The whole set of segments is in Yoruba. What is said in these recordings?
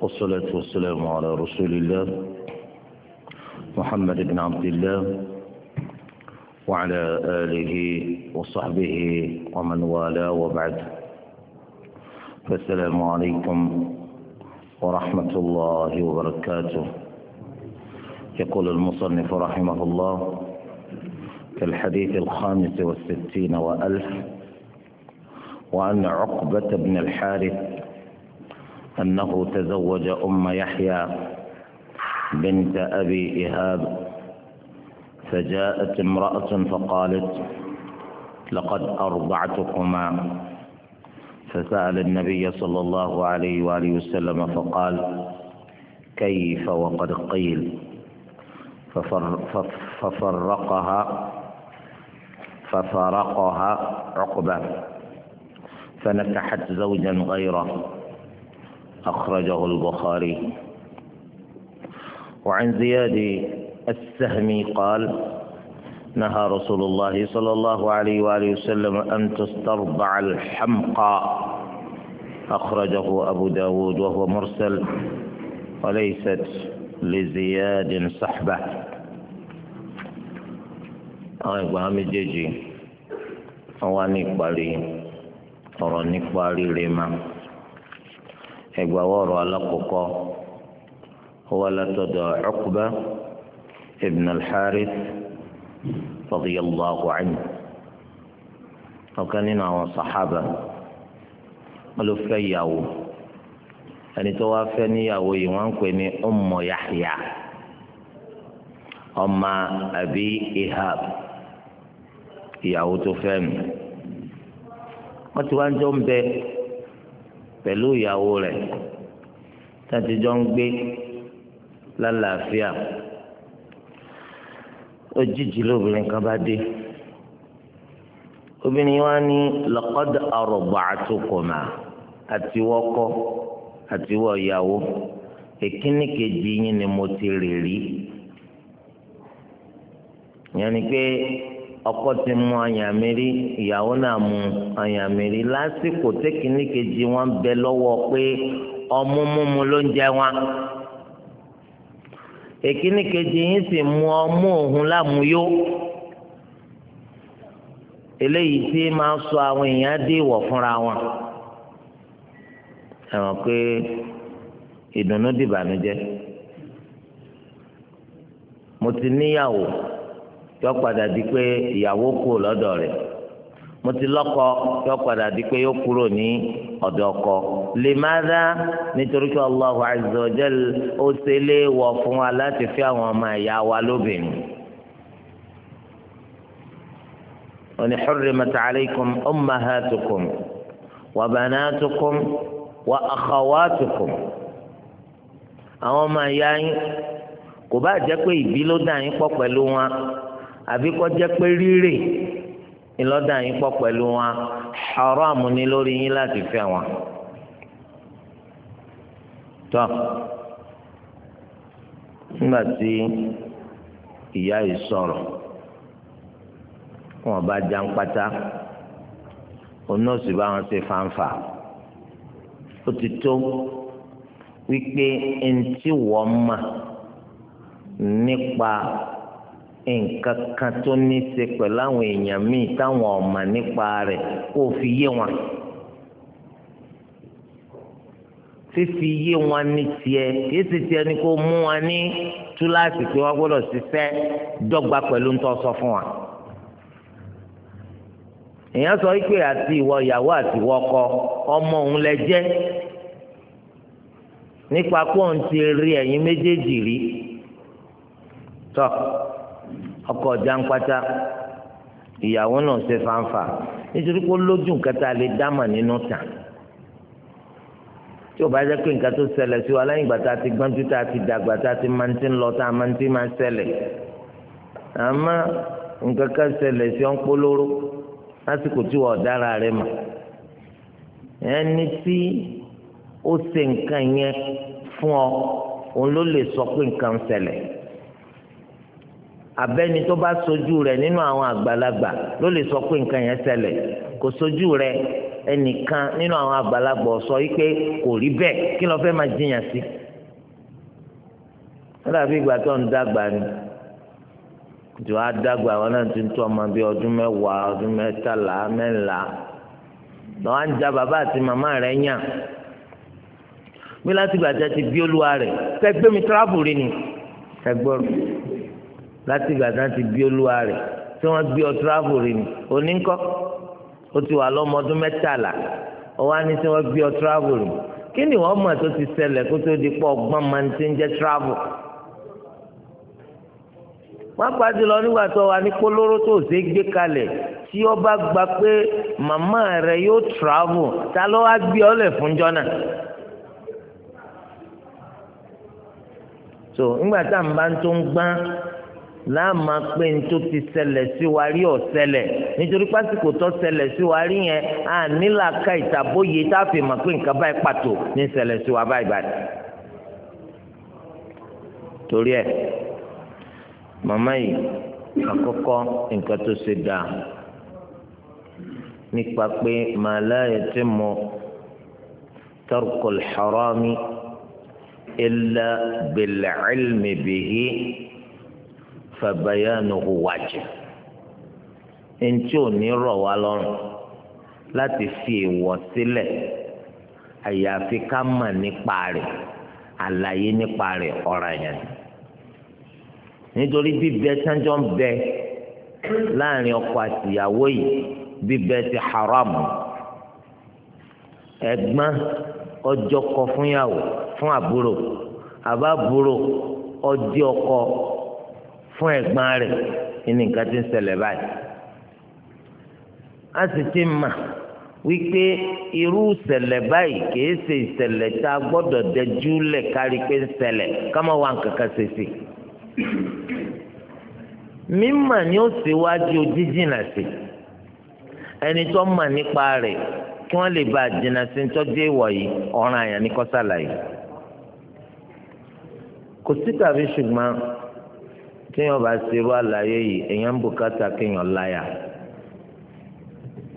والصلاة والسلام على رسول الله محمد بن عبد الله وعلى آله وصحبه ومن والاه وبعد فالسلام عليكم ورحمة الله وبركاته يقول المصنف رحمه الله في الحديث الخامس والستين وألف وأن عقبة بن الحارث أنه تزوج أم يحيى بنت أبي إهاب فجاءت امرأة فقالت لقد أرضعتكما فسأل النبي صلى الله عليه وآله وسلم فقال كيف وقد قيل ففر ففرقها ففرقها عقبة فنكحت زوجا غيره أخرجه البخاري وعن زياد السهمي قال نهى رسول الله صلى الله عليه وآله وسلم أن تسترضع الحمقى أخرجه أبو داود وهو مرسل وليست لزياد صحبة أيوة مجيجي أواني قبالي أوراني قبالي لما ẹgbàwọrọ alákọọkọ هو لتدى عقبة ابن الحارث رضي الله عنه ọ̀kan nínú àwọn sàhábà wọn ló fẹ́ ìyàwó ẹni tó wáá fẹ́ níyàwó yìí wọ́n ń pè ní Ummu Yahya ọmọ àbí Ihab ìyàwó tó fẹ́ nù wọ́n ti wá ń jọ ń bẹ pẹ̀lú ìyàwó rẹ̀ tàtijọ́ ń gbé lálàáfíà òjijì lóbìnrin kan bá dé obìnrin wa ní laqad arba'atukuma àtiwọ́kọ́ àtiwọ́ ìyàwó èkíní kejì yín ni mo ti rè rí yẹn ni pé ọkọ ti mú àyàmírí ìyàwó náà mú àyàmírí lásìkò tẹkíní kejì wọn bẹ lọ́wọ́ pé ọmú múmu ló ń jẹ wọn èkíní kejì yín sì mú ọmú òun lámúyó eléyìí tí máa sọ àwọn èèyàn dé ìwọ̀ fúnra wọn ẹ mọ̀ pé ìdùnnú dìbànújẹ́ mo ti níyàwó yọ padà di pé ìyàwó kù lọ́dọ̀ rẹ̀ mo ti lọ́kọ yọ padà di pé yóò kúrò ní ọ̀dọ̀ ọkọ limadha nítorí pé Allahu azza ó ṣe lé wọ̀ fún wa láti fi àwọn ọmọ ẹ̀yà wa lóbìnrin. وإن حرمت عليكم أمهاتكم وبناتكم وأخواتكم àwọn ọmọ ìyá yín kò bá jẹ́ pé ìbí ló dà yín pọ̀ pẹ̀lú wọn àbí kọ́ jẹ́ pé rírè ńlọ́dà yín pọ̀ pẹ̀lú wọn haram ni lórí yín láti fẹ́ wọn. tọ́ nígbà tí ìyá yìí sọ̀rọ̀ wọn bá já ń pátá òun náà sì bá wọn ṣe fáńfà ó ti tó wípé ẹni tí wọ́n mọ̀ nípa nǹkan kan tó ní í ṣe pẹ̀lú àwọn èèyàn míì táwọn ọ̀mà nípa rẹ̀ kó fi yé wọn. fífi yé wọn ní tiẹ̀ kìí sì tiẹ̀ ni kó mú wọn ní túláàsì pé wọ́n gbọ́dọ̀ ṣiṣẹ́ dọ́gba pẹ̀lú ńtọ́ sọ fún wa. èèyàn sọ wípé àti ìwọ ìyàwó àti ìwọ ọkọ ọmọ òun lẹ jẹ́ nípa pọ́ùn rí ẹ̀yin méjèèjì rí ọkọ jàǹpátá ìyàwó náà ṣe fàǹfà nítorí pé lójú nǹkan tá a lè dámà nínú tàn tí o bá jẹ́ pé nǹkan tó ṣẹlẹ̀ sí wa lẹ́yìn ìgbà tá a ti gbọ́njú tá a ti dàgbà tá a ti máa ń ti lọ tá a máa ń ti máa ṣẹlẹ̀ àmọ́ nǹkan kan ṣẹlẹ̀ sí ọ́n polóró lásìkò tí wọ́n dára rẹ̀ mà ẹni tí ó ṣe nǹkan yẹn fún ọ òun ló lè sọ pé nǹkan ṣẹlẹ̀ abẹ́ni tó bá sojú rẹ̀ nínú àwọn àgbàlagbà ló lè sọ pé nǹkan yẹn ṣẹlẹ̀ kò sojú rẹ̀ ẹnìkan nínú àwọn àgbàlagbà sọ wípé kò rí bẹ́ẹ̀ kí ló fẹ́ máa jiyàn sí. wọ́n dàbí ìgbà tó ń dàgbà ni jọ á dàgbà wọn náà ti ń tó ọmọ bíi ọdún mẹ́wàá ọdún mẹ́tàlá mẹ́ńlá lọ́wọ́ á ń ja bàbá àti màmá rẹ̀ yàn bí láti gbàjẹ́ ti bí olúwa rẹ̀ kẹgbẹ́ mi tíráàbù rí ni ẹgbọ́n láti ìgbà tí wọ́n ti bí olúwa rẹ̀ tí wọ́n gbé ọ tíráàbù rẹ̀ ni oníkọ́ ó ti wà lọ́mọ ọdún mẹ́tàlá ọwọ́ á ní tí wọ́n gbé ọ tíráàbù rẹ̀ kí ni wọ́n mọ̀ tó ti ṣẹlẹ̀ kó tó di pọ̀ ọgbọ́n máa ń ti ń jẹ́ tíráàbù wọ́n pàdé lọ nígbà tó wà ní kólóró tó ṣe gbé kalẹ̀ tí ó bá gba pé màmá rẹ̀ yóò travel ta ló wá gbé ọ lẹ fún jọnà. so ńgbà tá à ń bá tó ń gbọ́n láàmà pé ní tó ti ṣẹlẹ̀ sí wa rí ó ṣẹlẹ̀ nítorí pásìkò tó ṣẹlẹ̀ sí wa rí yẹn à nílà ká ìtàbóyè tá a fi mà pé nǹkan báyìí pàtó ní ṣẹlẹ̀ sí wa báyìí báyìí. torí ẹ màmá yìí àkọ́kọ́ nǹkan tó ṣe dáa nípa pé màálá yẹn ti mọ tarkul harami illa bil ilmi bihi fabayanuhu wajib ntí ò ní rọ̀ wá lọ́rùn láti fi èèwọ̀ sílẹ̀ àyàfi ká mọ̀ nípa rẹ̀ àlàyé nípa rẹ̀ ọ̀ràn yẹn nítorí bíbẹ sánjọ́ ń bẹ láàrin ọkọ àtìyàwó yìí bíbẹ ti haram ẹ̀gbọ́n ọjọ́ kọ fúnyàwó fún àbúrò àbábúrò ọjọ́ ọkọ fún ẹ̀gbọ́n rẹ̀ ní nǹkan tí ń ṣẹlẹ̀ báyìí. a sì ti mà wípé irú ìṣẹ̀lẹ̀ báyìí kìí ṣe ìṣẹ̀lẹ̀ tá a gbọ́dọ̀ dẹjú lẹ̀ kárí pé ń ṣẹlẹ̀ ká má wá nǹkan ṣe sí. mímà ni ó ṣèwájú ojú jìnnà sí ẹni tó mà nípa rẹ̀ kí wọ́n lè bá a jìnnà sí tọ́jú ìwọ̀ yìí ọ̀ràn àyàn ní kọ́sàlàyé. kò sí tàbí ṣùgbọ́n téèyàn bá ṣerú àlàyé yìí èèyàn ń bùkátà kéèyàn láyà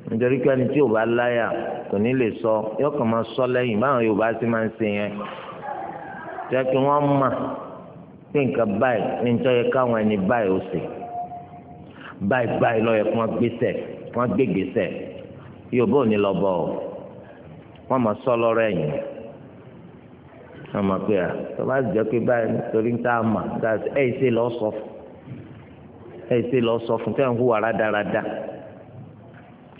nítorí pé ẹni tí ò bá láyà kò ní lè sọ yóò kàn máa sọ lẹ́yìn báwọn Yorùbá sì máa ń ṣe yẹn jẹ́ kí wọ́n mà pé nǹkan báyìí ní nítorí káwọn ẹni báyìí ó ṣe báyìí báyìí lọ́yẹ̀ kí wọ́n gbèsè wọ́n gbé gbèsè Yorùbá ò lọ bọ̀ wọ́n máa sọ lọ́rọ̀ ẹ̀yìn ọmọ pé à tọ́ba jẹ́ pé báyìí torí ń tá a mà ẹ̀ ṣe lọ́ọ́ sọ fún ẹ̀ ṣe lọ́ọ́ sọ fún tẹ́ ń hùwà rádaràda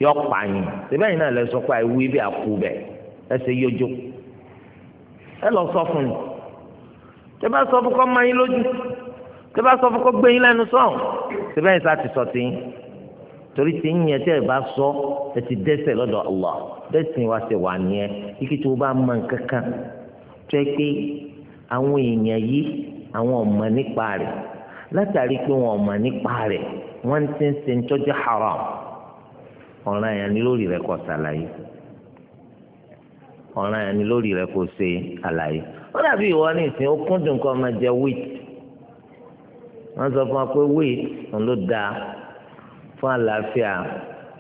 yọ pààyàn síbẹ̀ yìí náà lẹ sọ pé àìwú ibi àkú bẹ̀ ẹ ṣe yọjọ ẹ lọ sọ fún mi tẹ́ bá sọ fún kọ́ máa yín lójú tẹ́ bá sọ fún kọ́ gbé yín lẹ́nu sọ̀hún síbẹ̀ yìí sáà ti sọ ti yín torí ti ń yẹn tẹ́ ẹ bá sọ ẹ ti dẹ́ṣẹ̀ lọ́dọ̀ Allah bẹ́ẹ̀ sì wá ṣe wà nìyẹn kíkí tó bá mọ nǹkan kan tó yẹ pé àwọn èèyàn yìí àwọn ọmọ nípa rẹ̀ látàrí pé wọn ọmọ nípa rẹ̀ wọ́n ń ti ń ṣe ń tọ́jú haram ọ̀ràn yẹn ni lórí rẹ̀ kó ṣàlàyé ọ̀ràn yẹn ni lórí rẹ̀ kó ṣe àlàyé ó dàbí ìwọ ní ìsìn ó kúndùn kó máa jẹ wheat wọ́n sọ fún wa pé wheat ló dáa fún àlàáfíà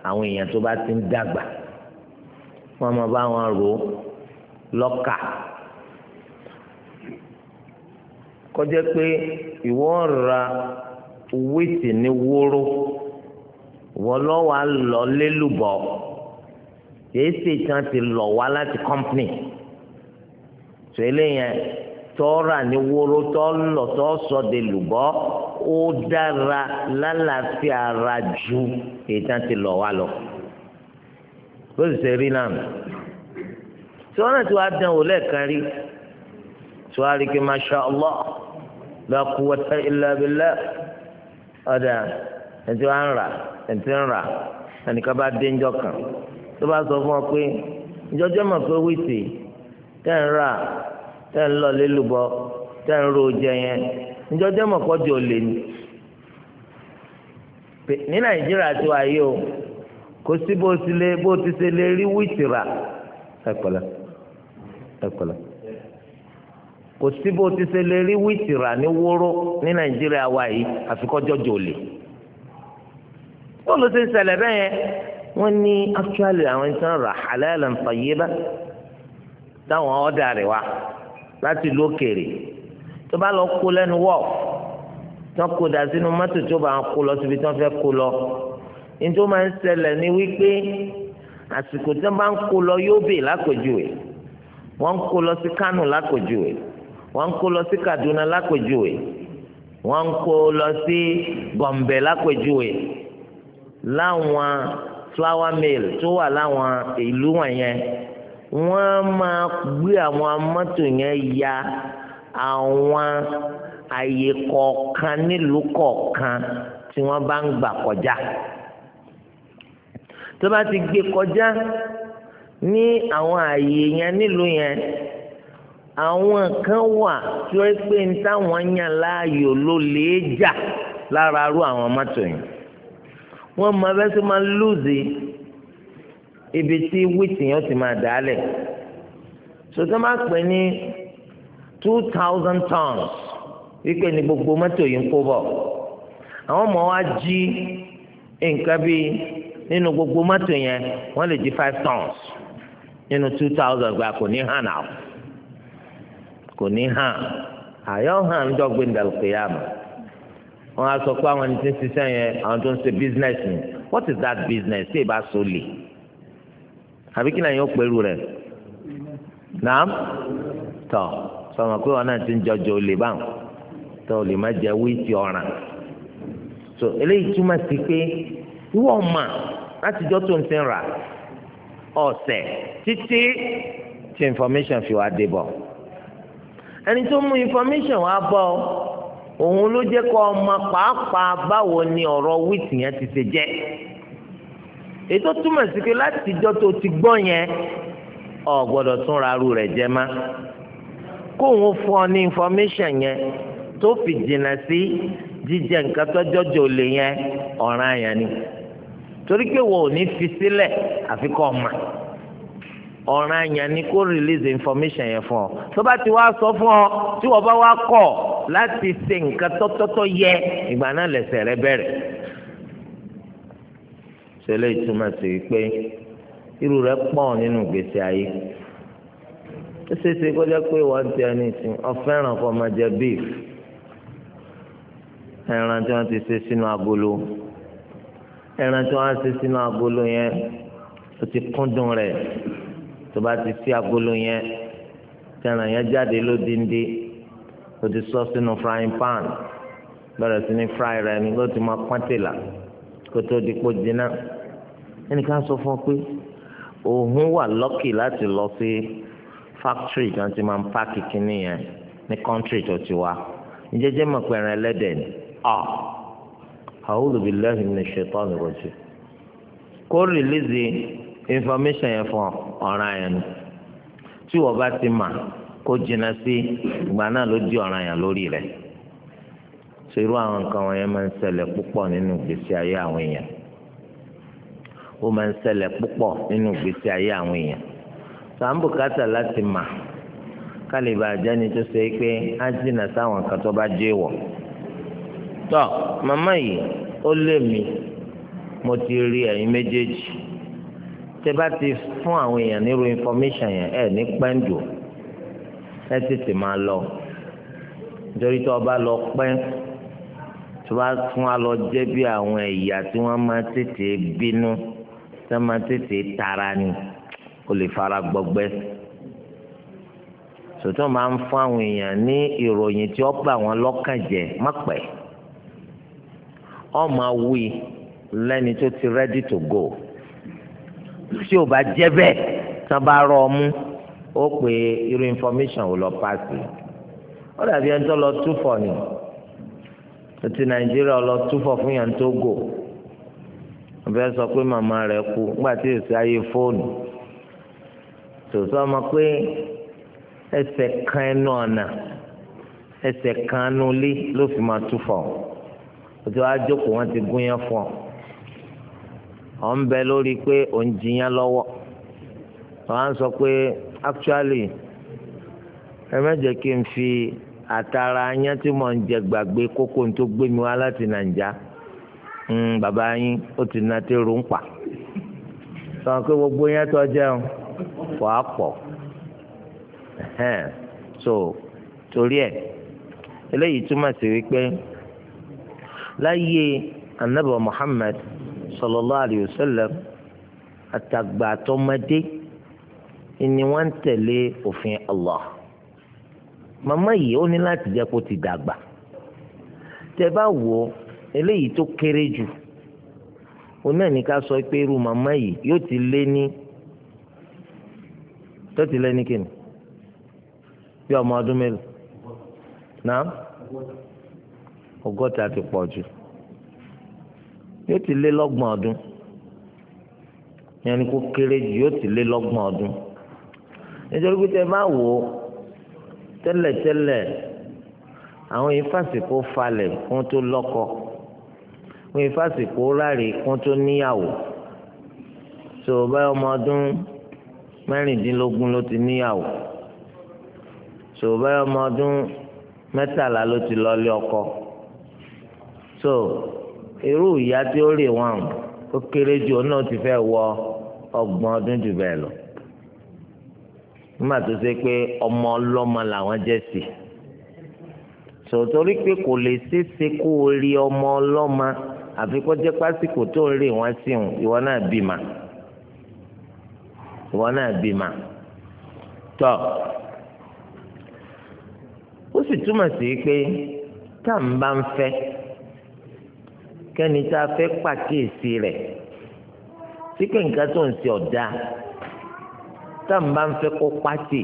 àwọn èèyàn tó bá ti ń dàgbà wọ́n máa bá wọn rò lọ́kà kọjá pé ìwọ ra wíìtì ní wóró ìwọ lọ́wọ́ lọ lélùbọ̀ kìí ṣe kan ti lọ̀ wá láti kọ́mpìnì tó eléyẹn tọ́ra ní wóró tọ́ lọ tọ́ sọ de lùbọ́ ó dára lálàáfíà ara ju kìí kan ti lọ̀ wá lọ bó sì ṣe rí náà tí wọn náà ti wá dán wò lẹ́ẹ̀kan rí tí wọn á rí i masha allah la quwwata illa billah ọ̀dà ẹ̀ntì wa ń rà ẹ̀ntì ń rà ẹnìkan bá dé ńjọ kan tó bá sọ fún ọ pé ìjọjọ́ mọ̀ pé wíìtì tẹ́ ń rà tẹ́ ń lọ lélùbọ tẹ́ ń ro jẹ yẹn ìjọjọ́ mọ̀ pọ́jù ò lè ní. ní nàìjíríà ti wà yìí o kò sí bó ti ṣe lè rí wíìtì rà ẹ̀kọ́lá ẹ̀kọ́lá kò sí bó ti ṣe lè rí wíìtì rà ní wóró ní nàìjíríà wa yìí àfikọ́jọ́ jòlè bóòlù ti ń ṣẹlẹ̀ bẹ́ẹ̀ yẹn wọ́n ní actually àwọn ẹni tí wọ́n rà halalan tayyiba táwọn ọ̀dà rẹ̀ wá láti ìlú òkèèrè tó bá lọ kó lẹ́nu wọ̀ tí wọ́n kó dà sínú mọ́tò tó bá kó lọ síbi tí fẹ́ kó lọ ní tó máa ń ṣẹlẹ̀ ní wípé àsìkò tí bá ń kó lọ Yobe lápèjúwe wọ́n ń kó lọ sí Kánò lápèjúwe wọ́n ń kó lọ sí Kaduna lápèjúwe wọ́n ń kó lọ sí Gombe lápèjúwe láwọn flour mill tó wà láwọn ìlú wọ̀nyẹn wọ́n máa gbé àwọn mọ́tò yẹn ya àwọn àyè kọ̀ọ̀kan nílùú kọ̀ọ̀kan tí wọ́n bá ń gbà kọjá tó bá ti gbé kọjá ní àwọn àyè yẹn nílùú yẹn àwọn kan wà tí ó pé ń táwọn yàn láàyò ló lè jà lára arú àwọn mọ́tò yẹn wọ́n mọ abẹ́ sí máa lùzì ibi tí wíìtì yẹn ti máa dálẹ̀ sọtẹ́ máa pè ní two thousand tons wípé ní gbogbo mọ́tò yìí ń kó bọ̀ àwọn ọmọ wa jí nǹkan bíi nínú gbogbo mọ́tò yẹn wọ́n lè jí five tons nínú two thousand gba kò ní hàn náà. kò ní hàn àyọ hàn ń dọgbẹ ndàlùkìyàmù wọn á sọ pé àwọn ẹni tí ń ṣiṣẹ́ yẹn àwọn tó ń ṣe business ni what is that business tí ìbá so lè àbí kí náà yóò pẹ̀lú rẹ̀ nàám tọ̀ sọmọ pé wọn náà ti ń jọjọ olè báwọn tọ́ olè má so eléyìí túmọ̀ sí pé wọ́n mà látijọ́ tó ń ti rà ọ̀sẹ̀ títí information fi wá dé ẹni tó mú information wá bọ̀ òun ló jẹ́ kó ọmọ pàápàá báwo ni ọ̀rọ̀ wíìtì yẹn ti ṣe jẹ́ ètò túmọ̀ sí pé láti ìjọ tó ti gbọ́ yẹn ò gbọ́dọ̀ tún ra aru rẹ̀ jẹ má kó òun fún ọ ní information yẹn tó fi jìnnà sí jíjẹ nǹkan tọ́jọ́jọ́ lè yẹn ọ̀ràn yẹn ni torí pé wọn ò ní fi sílẹ̀ àfikọ́ ọmọ ọ̀ràn yẹn ni kó release information yẹn fún ọ tó bá ti wá sọ fún ọ tí wọ́n bá wá kọ̀ láti ṣe nǹkan tọ́tọ́tọ́ yẹ ìgbà náà lẹ̀sẹ̀ rẹ bẹ̀rẹ̀. ṣẹlẹ̀ ìtumọ̀ sí pé irú rẹ̀ pọ̀ nínú ìgbésí ayé ó ṣeé ṣe kó jẹ́ pé wọ́n ti ẹni sìn ọ̀fẹ́ràn kó máa ẹran tí wọ́n ti ṣe sínú agolo ẹran tí wọ́n á ṣe sínú agolo yẹn ó ti kúndùn rẹ̀ tó bá ti sí agolo yẹn tẹ̀ràn yẹn jáde lódìndí o ti sọ sínú frying pan bẹ̀rẹ̀ sí ní fry rẹ̀ ní ló ti máa pọ́n kó tó di pò jiná ẹnìkan sọ fún ọ pé òun wà lọ́kì láti lọ sí factory tí wọ́n ti máa ń páàkì kínní yẹn ní country tó ti wá ìjẹ́jẹ́ mọ̀ pé ẹran ẹlẹ́dẹ̀ ni ọ̀ a'udhu billahi minash shaitani rajim kó rìlíìsì. information yẹn fún ọ̀ràn yẹn nù tí wọ́n bá ti mà kó jìnnà sí ìgbà náà ló di ọ̀ràn yẹn lórí rẹ̀ irú àwọn nǹkan wọn máa ń ṣẹlẹ̀ púpọ̀ nínú ìgbésí ayé àwọn èèyàn ó máa ń ṣẹlẹ̀ púpọ̀ nínú ìgbésí ayé àwọn èèyàn sàmbùkátà láti mà kálíbà àjẹni tó ṣe pé á jìnnà sáwọn kan mi mo ti rí ẹ̀yin méjèèjì. tẹ́ bá ti fún àwọn èèyàn nírú information yẹn ẹ ní pẹ́ńdù ẹ tètè máa lọ nítorí tó o bá lọ pẹ́ tó bá fún wa lọ jẹ́ bí àwọn ẹ̀yà tí wọ́n máa tètè bínú tí wọ́n máa tètè tara ni o lè fara gbọgbẹ́ sòtún máa ń fún àwọn èèyàn ní ìròyìn tí ó bà wọ́n lọ́kàn jẹ́ mọ́pẹ́ ọ máa wí lẹ́ni tó ti ready to go tí ò bá jẹ́ bẹ́ẹ̀ tán bá rọ ọ mú ó pé irú information ò lọ paasi ó dàbí ẹni tó lọ túfọ̀ ni ó ti nàìjíríà lọ túfọ̀ fún yàn tó gò wọ́n fẹ́ sọ pé màmá rẹ̀ kú nígbà tí èsì ayé fóònù tòótọ́ ọmọ pé ẹsẹ̀ kan ẹnu ọ̀nà ẹsẹ̀ kan ẹnu ilé ló fi máa túfọ̀ òtí wàá jókòó wọn ti gún yẹn fún ọ ọ̀ ń bẹ lórí pé ò ń jiyàn lọ́wọ́ ọ̀ á ń sọ pé actually ẹ má jẹ́ kí n fi àtàrà ayán tí mò ń jẹ gbàgbé kókó tó gbé mi wá láti nàìjà hmm, bàbá yín ó ti na tẹ́rù ń pa sọ pé gbogbo yẹn tó jẹun kò á pọ̀ so torí ẹ̀ eléyìí túmọ̀ sí wípé láyé anabi muhammad sallallahu alayhi wa sallam àtàgbà àtọmọdé ni wọ́n ń tẹ̀lé òfin Allah màmá yìí ó ní láti jẹ́ kó ti dàgbà tẹ́ bá wò ó eléyìí tó kéré jù òun náà ní ká sọ pé irú màmá yìí yóò ti lé ní tó ti lé ní kíni bí ọmọ ọdún mélòó náà ọgọ́ta ti pọ̀ jù yóò ti lé lọ́gbọ̀n ọdún yẹnni kó kéré jù yóò ti lé lọ́gbọ̀n ọdún nítorí pé tẹ bá wò ó tẹ́lẹ̀tẹ́lẹ̀ àwọn ìfàsìkò falẹ̀ kún tó lọ́kọ àwọn ìfàsìkò ráre kún tó níyàwó tó o bá ọmọ ọdún mẹ́rìndínlógún ló ti níyàwó tó o bá ọmọ ọdún mẹ́tàlá ló ti lọ́lé ọkọ irú ìyá tí ó rè wọn ó kéré jù ọ náà ti fẹ́ wọ ọgbọ̀n ọdún jù bẹ́ẹ̀ lọ nígbà tó ṣe pé ọmọ ọlọ́mọ làwọn jẹ́ sí i sòtórí pé kò lè ṣeéṣe kó o rí ọmọ ọlọ́mọ àfi kó jẹ́ pásíkò tó ń rí wọn sí òun ìwọ náà bímà ìwọ náà bímà tọ ó sì túmọ̀ sí pé tá à ń bá ń fẹ́ kẹ́ni tá a fẹ́ pàkíyèsí rẹ̀ sí pé nǹkan tó ń ṣe ọ̀dà tá n bá ń fẹ́ kó pàtì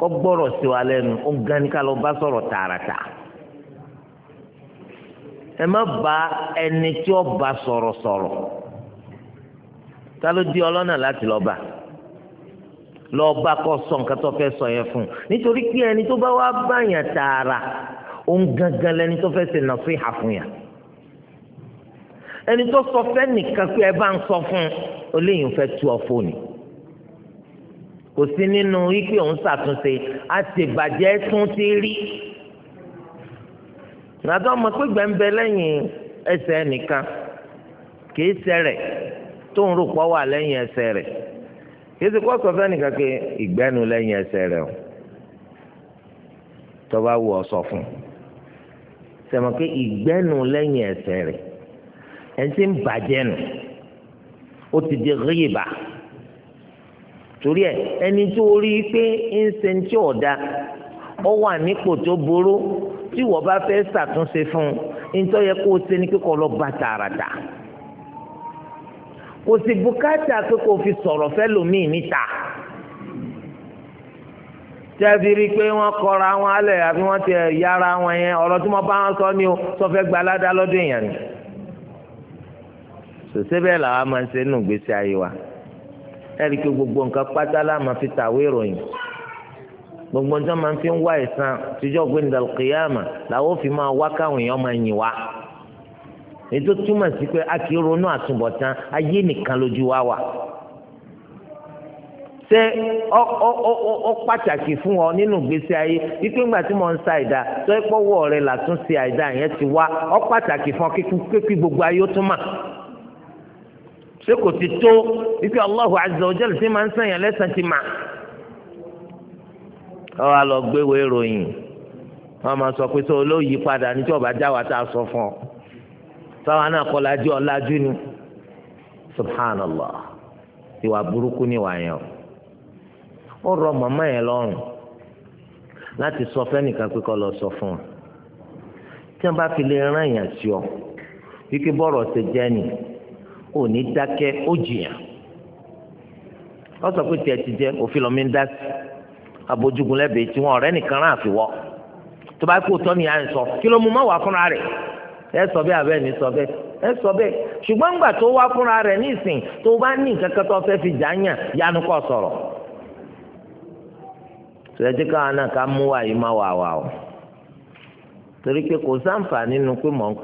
kó gbọ́rọ̀ sí wa lẹ́nu ó gan ní ká lọ bá sọ̀rọ̀ tààràtà ẹ má bá ẹni tí ó bá sọ̀rọ̀ sọ̀rọ̀ ta ló di ọlọ́nà láti lọ bá lọ bá kó sọ nǹkan tó fẹ́ sọ yẹn fún nítorí pé ẹni tó bá wá báyàn tààrà òun gangan lẹni tó fẹ́ ṣe nàfíhà fún yàn ẹni tó sọ fẹ́ nìkan pé ẹ bá ń sọ fún un olóyìn fẹ́ tu ọ fóònù kò sí nínú wípé òun ṣàtúnṣe àtìbàjẹ́ tún ti rí gbàdọ́ ọmọ pé gbẹ̀ǹbẹ̀ lẹ́yìn ẹsẹ̀ nìkan kì í sẹ̀rẹ̀ tó ń rò pọ̀ wà lẹ́yìn ẹsẹ̀ rẹ̀ kì sì kọ́ sọ fẹ́ nìkan pé ìgbẹ́nu lẹ́yìn ẹsẹ̀ rẹ̀ o tó bá wù ọ sọ fún un sẹ̀mọ̀ pé ìgbẹ́nu lẹ́yìn ẹsẹ̀ rẹ̀ ẹ̀ ń ṣe ń bàjẹ́ nù ó ti di ríyìbá torí ẹ ẹni tó rí i pé ń ṣe ń tí ọ̀dà ó wà nípò tó burú tí wọ́n bá fẹ́ ṣàtúnṣe fún un nítorí yẹ kó o ṣe ní kíkọ́ lọ bá tààràtà kò sì bùkátà pé kò fi sọ̀rọ̀ fẹ́ lòmíì níta tẹ́bírí pé wọ́n kọra wọn alẹ̀ àbí wọ́n ti yára wọn yẹn ọ̀rọ̀ tí wọ́n bá wọn sọ ni o sọ fẹ́ gbalada lọ́dún èèyàn ni sòsé bẹ́ẹ̀ làwa máa ń ṣe nínú ìgbésí wa ẹ̀rí gbogbo nǹkan pátá la máa fi tàwé ìròyìn gbogbo nǹkan máa fi ń wá ìsan tíjọ́ gbé nígbà kìyàmà làwọn fi máa wá káwọn èèyàn máa yìn wá ètò túmọ̀ sí pé a kì í ronú àtúbọ̀tán ayé nìkan lójú wa wà ṣé ọ ọ ọ ọ pàtàkì fún ọ nínú ìgbésí ayé wípé ńgbà tí mo ń sa ìdá tó ẹpọwọ rẹ làtúnṣe àìdá yẹn ti wá ọ pàtàkì fún ọ kíkú kékeré gbogbo ayé ó tún mà ṣé kò ti tó ife Allahu azza wa jalla ti máa ń sànyàn lẹ́sàn ti mà. ọ wa lọ gbéwò ìròyìn wọn máa sọ pé sọ olóyìí padà níjọ bá já wa tá a sọ fún ọ sáwọn náà kọ lajú ọlájú ni subhanallah ìwà burúkú ni wàá yàn ó rọ màmá yẹn lọ́rùn láti sọ fẹ́nìkan pé kó lọ sọ fún ọ tí wọn bá fi lè rán èèyàn sí ọ wípé bọ́rọ̀ ṣe jẹ́ nìyí kò dákẹ́ ó jìyàn wọ́n sọ pé tiẹ̀ ti jẹ́ òfin lọ́mí ń dá sí abojugun lẹ́bẹ̀ẹ́ tí wọ́n ọ̀rẹ́ nìkan rán àfiwọ́ tó bá kó tọ́ nìyà ń sọ kí ló mú fúnra rẹ̀ ẹ sọ bẹ́ẹ̀ abẹ́ n'i sọ bẹ́ẹ̀ ẹ sọ bẹ́ẹ̀ ṣùgbọ́n ńgbà tó wá fúnra rẹ̀ nísìn tó bá ní nǹkan kan tó fẹ́ fi jà ń yàn yanu kọ́ sọ̀rọ̀ tòlẹ́tì káwọn náà ká mú o torí pé kò sáǹfà nínú pé mọ̀ ń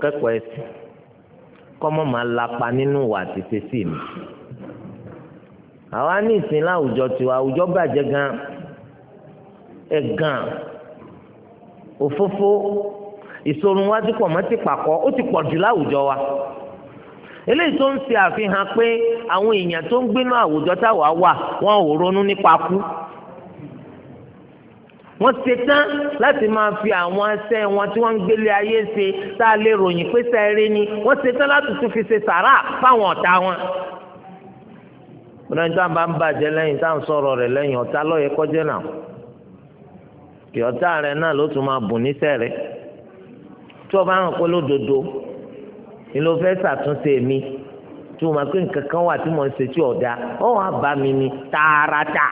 kọ́mọ́ máa lapa nínú ìwà àtìsí sí mi. àwa ní ìsìn láwùjọ tiwa àwùjọ bàjẹ́ gan ẹ̀gàn òfófó ìsorun wa ti pọ̀ mọ́ ti pàkọ́ ó ti pọ̀ jù láwùjọ wa eléyìí tó ń ṣe àfihàn pé àwọn èèyàn tó ń gbénú àwùjọ táwa wà wọn ò ronú nípa kú wọ́n ṣe tán láti máa fi àwọn ẹsẹ̀ wọn tí wọ́n ń gbélé ayé ṣe tá a lè ròyìn pé sẹ́ẹ̀rẹ́ ni wọ́n ṣe tán láti tún fi ṣe sàrà fáwọn ọ̀tá wọn. bùnà tí wọn bá ń bàjẹ́ lẹ́yìn tá à ń sọ̀rọ̀ rẹ̀ lẹ́yìn ọ̀tá lọ́yẹ kọjá náà kì ọ̀tá rẹ̀ náà ló tún máa bùn ní sẹ́ẹ̀rẹ́ tí wọ́n bá hàn pé lódodo ni ló fẹ́ ṣàtúnṣe mi tí wọ́n máa pé nǹkan kan wà tí mò ń ṣe tí ọ̀dà ọ̀ wá bá mi ni tààràtà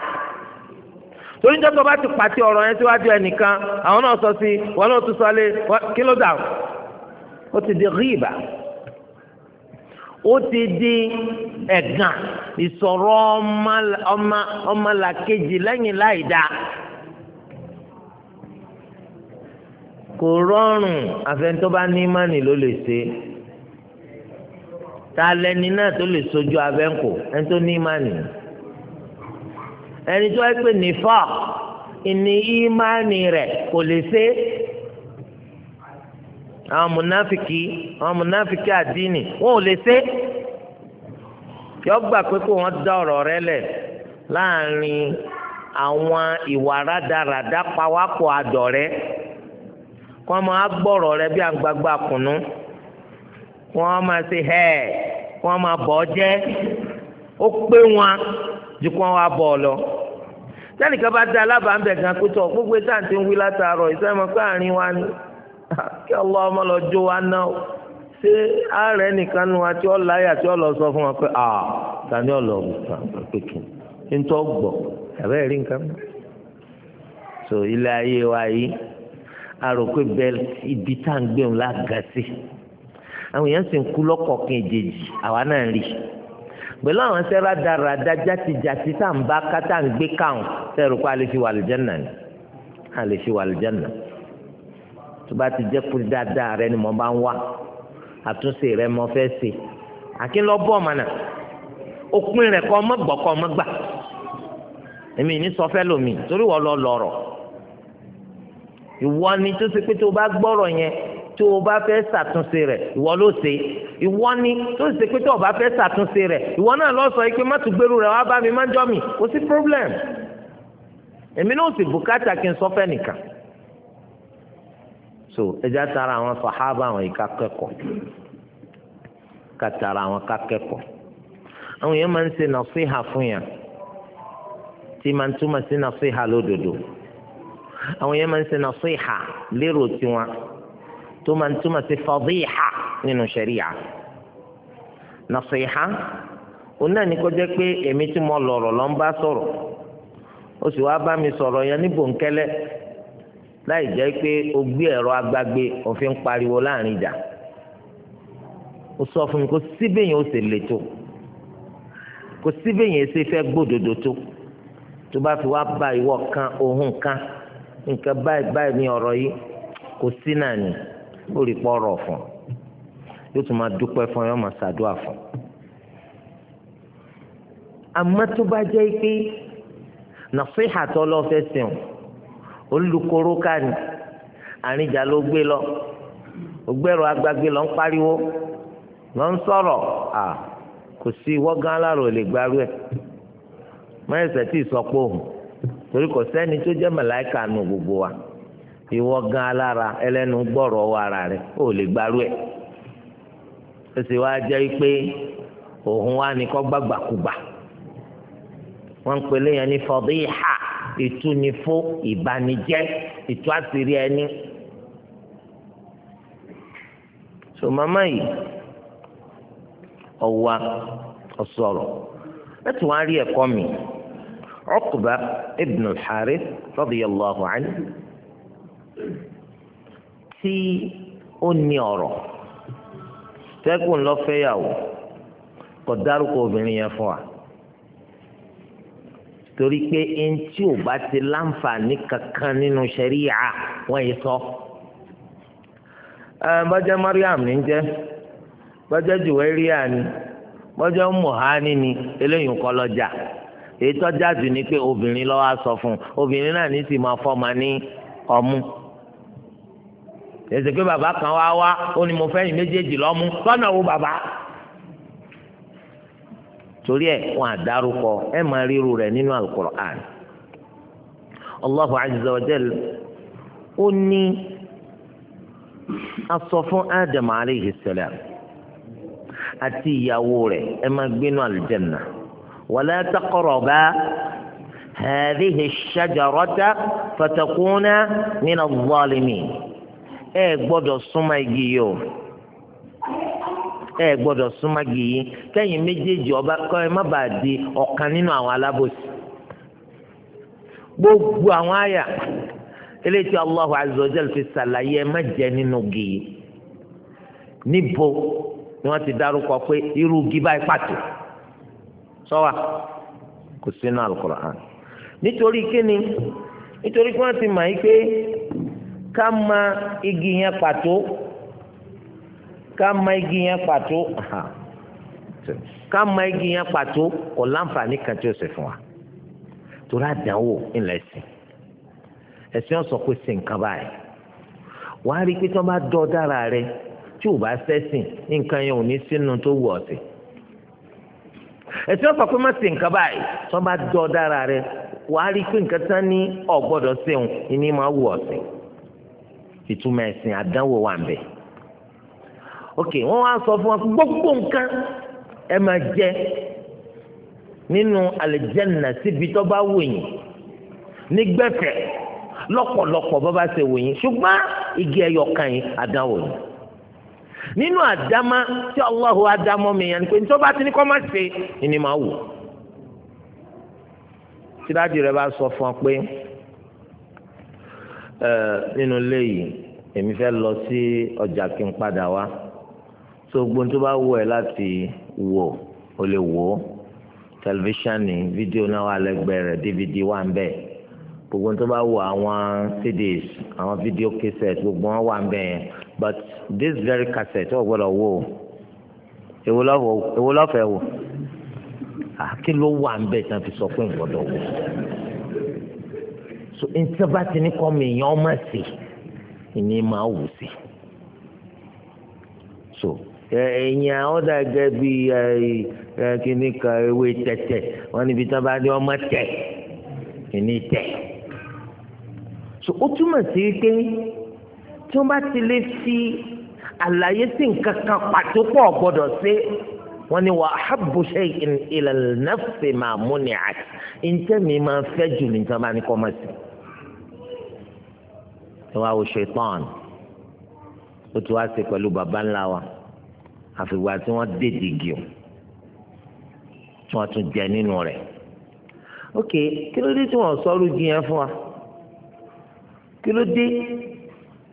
torí níjọ́ tó bá ti pàtí ọ̀rọ̀ yẹn síwájú ẹnìkan àwọn náà sọ sí wọn náà tún sọ lé kí ló dà ó ti di ríìbà ó ti di ẹ̀gàn ìsọ̀rọ̀ ọmọlàkejì lẹ́yìn láì dáa kò rọrùn àfẹnitọ́ ní mánì ló lè ṣe ta lẹni náà tó lè sojú abẹ́ǹkò ẹni tó ní mánì ẹni tó ẹ pé nífà ìní ìmánì rẹ̀ kò lè ṣe àwọn mùnáfìkì àwọn mùnáfìkì àdínì wọn ò lè ṣe yọ gbà pé kó wọn dá ọ̀rọ̀ rẹ̀ lẹ̀ láàrin àwọn ìwà rádaràdá pawápọ̀ àdọ̀rẹ́ kọ́ máa gbọ́rọ̀ rẹ bí àgbàgbà kùnú wọ́n máa ṣe hẹ́ẹ̀ wọ́n máa bọ́ jẹ́ ó pé wọn ju kí wọ́n wá bọ̀ ọ lọ. sẹ́nìkan bá dá alábàá ń bẹ̀ gan pé tọ̀ gbogbo ìta àti ń wí látàárọ̀ wa ni kí ọlọ́wọ́ ọmọ lọ jó wa ná o ṣé ààrẹ nìkan nu àti ọ̀láyà àti ọ̀lọ́ sọ fún wa pé à tani ọ̀lọ́ ògùnkàn pèkì ńtọ́ gbọ̀ àbẹ́ rí nǹkan mọ́. so ilé ayé wa yìí a rò pé bẹ́ẹ̀ ibi tá à ń gbé òun lága sí àwọn èèyàn sì ń kú lọ́kọ̀ọ̀kan ìjèjì àwa náà rí pẹ̀lú àwọn iṣẹ́ rádaràda játijàti tá n bá kátà ń gbé káwọn sẹ́rù kó alẹ́ fi wà lùjẹ́nà ni alẹ́ fi wà lùjẹ́nà tó bá ti jẹ́ kúrú dáadáa rẹ ni mo bá ń wá àtúnṣe rẹ mo fẹ́ ṣe àkínlọ́bọ̀ ọ̀mà náà òpin rẹ̀ kọ́ mọ́gbọ́ kọ́ mọ́gbà èmi ní sọfẹ́ lomi torí wọ́n lọ lọ̀rọ̀ ìwọ ni tó ṣe pé tó bá gbọ́rọ̀ yẹn tó o bá fẹ́ ṣàtúnṣe rẹ̀ ìwọ ló ṣe ìwọ ni tó ṣe pé tó o bá fẹ́ ṣàtúnṣe rẹ̀ ìwọ náà lọ sọ pé má tún gbèrú rẹ̀ wá bá mi má jọ mi kò sí problem èmi náà sì bùkátà kí n sọ fẹ́ nìkan so ẹja tara àwọn sàhábà àwọn yìí ká kẹ́kọ̀ọ́ ká tara àwọn ká kẹ́kọ̀ọ́ àwọn èèyàn máa ń ṣe nàṣíhà fún yàn tí máa ń túmọ̀ sí nàṣíhà lódodo àwọn èèyàn máa ń ṣe nàṣíhà lérò tiwọn tó máa ń túmọ̀ sí fadíhà nínú ṣẹ̀ríà nàṣìhà òun náà ní kó jẹ́ pé èmi tí mo lọ̀rọ̀ ló ń bá sọ̀rọ̀ ó sì wáá bá mi sọ̀rọ̀ yẹn ní bòńkẹ́lẹ́ láì jẹ́ pé o gbé ẹ̀rọ agbágbé òfin pariwo láàrin ìjà ó sọ fún mi kó síbẹ̀ yẹn ó sì le tó kó síbẹ̀ yẹn ṣe fẹ́ gbódodo tó tó bá fi wá bá ìwọ kan ohun kan nǹkan báyìí báyìí ní ọ̀rọ̀ yìí kò sí náà ni. ó rí pọ́ọ̀rọ̀ fún yóò tún máa dúpẹ́ fún yóò máa ṣàdúrà fún. àmọ́ tó bá jẹ́ pé nàṣíhà tó lọ fẹ́ sìn olùkóró kárí àríjà ló gbé lọ lọ ń pariwo lọ ń sọ̀rọ̀ à kò sí wọ́gán alárò lè gbarú ẹ̀ mẹ́rẹ̀sẹ̀ tí ì sọ pé òun torí kò sẹ́ni tó jẹ́ gbogbo wa. ìwọ gan alára ẹlẹ́nu gbọ́rọ̀ ọwọ́ ara rẹ̀ ó lè gbarue ẹ̀ ó sì wá jẹ́ pé òun wá ní kọ́ gbàgbàkúgbà wọ́n ń pè léyìn ní fọ́díhà ìtúnifó ìbànújẹ́ ìtú àṣírí ẹni. so mama yìí ọ̀wà ọ̀sọ̀rọ̀ ẹ tún wá rí ẹ̀kọ́ mi Uqba ibn al tí ó ní ọ̀rọ̀ tẹ́kùn lọ́fẹ́yàwó kò dárúkọ obìnrin yẹn fún wa torí pé ẹni tí ò bá ti láǹfààní kankan nínú ṣẹ̀ríyà wọ́n yìí sọ. ẹ bọ́jẹ́ Mariam ní jẹ́ bọ́jẹ́ Juwẹ́ríà ni bọ́jẹ́ Muhani ni eléyìí ń kọ́ lọ́jà èyí tọ́jà jù ni pé obìnrin lọ́wọ́ wá sọ fún obìnrin náà ní sì máa fọ́ ma ní ọmú. èsì pé bàbá kan wá wá ó ní mo fẹ́yìn méjèèjì lọ́mú lọ́nà wo bàbá torí ẹ wọn àdárúkọ ẹ máa ríru rẹ nínú alukur'an Allahu azza wa jal ó ní a sọ fún Adam aleyhi salam àti ìyàwó rẹ̀ ẹ máa gbénu aljanna wala taqraba hadhihi shajarata fatakuna min al-zalimin. ẹ gbọdọ súnmọ́ igi yìí o ẹ gbọ́dọ̀ súnmọ́ igi yìí ọba ẹ di ọkan nínú àwọn alábòsí gbogbo àwọn àyà eléyìí tí Allahu azza wa fi ṣàlàyé ẹ má jẹ nínú igi yìí níbo ni wọn ti dárúkọ pé irú igi báyìí pàtó sọ́wà kò sínú Al-Qur'an nítorí kíni nítorí kí ká ma igi yẹn pàtó ká ma igi yẹn pàtó ká ma igi yẹn pàtó kò láǹfààní kan tí ó sì fún wa torí àdánwò ńlẹ̀ sí ẹ̀sìn ọ̀sọ̀ pé sí nǹkan báyìí wàá rí i pé tí wọ́n bá dọ́ dára rẹ tí ò bá sẹ́sìn nǹkan yẹn ò ní sínú tó wù ọ̀sìn ẹ̀sìn ọ̀sọ̀ pé má sí nǹkan báyìí tí wọ́n bá dọ́ dára rẹ wàá rí i pé nǹkan tán ní ọ̀gbọ́dọ̀ sẹ́wọ̀n ìní máa wù ọ̀sìn ìtumọ̀ ẹ̀sìn àdánwò wà nbẹ ok wọn wá sọ fún wa gbogbo nǹkan ẹ máa jẹ nínú àlìjẹnà síbi tó bá wù yín nígbẹ̀fẹ̀ lọ́pọ̀lọpọ̀ bó bá ṣe wù yín ṣùgbọ́n igi ẹyọ kan yín àdánwò ni nínú àdámá tí Allahu àdámọ́ mi yẹn ni pé nítorí bá ti ní kọ́ máa ṣe ni màá wù sídájú rẹ bá sọ fún ọ pé nínú ilé yìí èmi fẹ́ lọ sí ọjà kí n padà wá so gbogbo tó bá wù ẹ́ láti wò ó lè wò ó tẹlifíṣàn ní fídíò náà wà lẹ́gbẹ̀ẹ́ rẹ̀ dvd wà ń bẹ̀ gbogbo tó bá wù àwọn cds àwọn fídíò cassette gbogbo wọn wà ń bẹ̀ yẹn but this very cassette ọ̀ gbọ́dọ̀ wò ó èwo lọ́fẹ̀ẹ́ wò ah, kí ló wà ń bẹ̀ tí wọ́n fi sọ pé ń gbọ́dọ̀ wò ó so ntẹ́bà ti ní kọ́ mi yàn ọmọ sí ìní máa wù sí so ẹ̀yìn àwọn dàgẹ́ bíi kíní kan ewé tẹ̀tẹ̀ wọ́n níbi tí wọ́n bá ní ọmọ tẹ̀ ìní tẹ̀ so ó túmọ̀ sí pé tí wọ́n bá ti lè fi àlàyé sí nǹkan kan pàtó pọ̀ gbọ́dọ̀ ṣe wọ́n ní wà ábù ṣe ìlànà fèmà múni àti ntẹ́mi máa fẹ́ jù ní tí bá ní kọ́ ẹ wá wo ṣetán ó ti wá ṣe pẹ̀lú baba ńlá wa àfìgbà tí wọ́n dèdè gíò tí wọ́n tún jẹ nínú rẹ̀ ok kí ló dé tí wọ́n sọ́ọ́rù jiyàn fún wa kí ló dé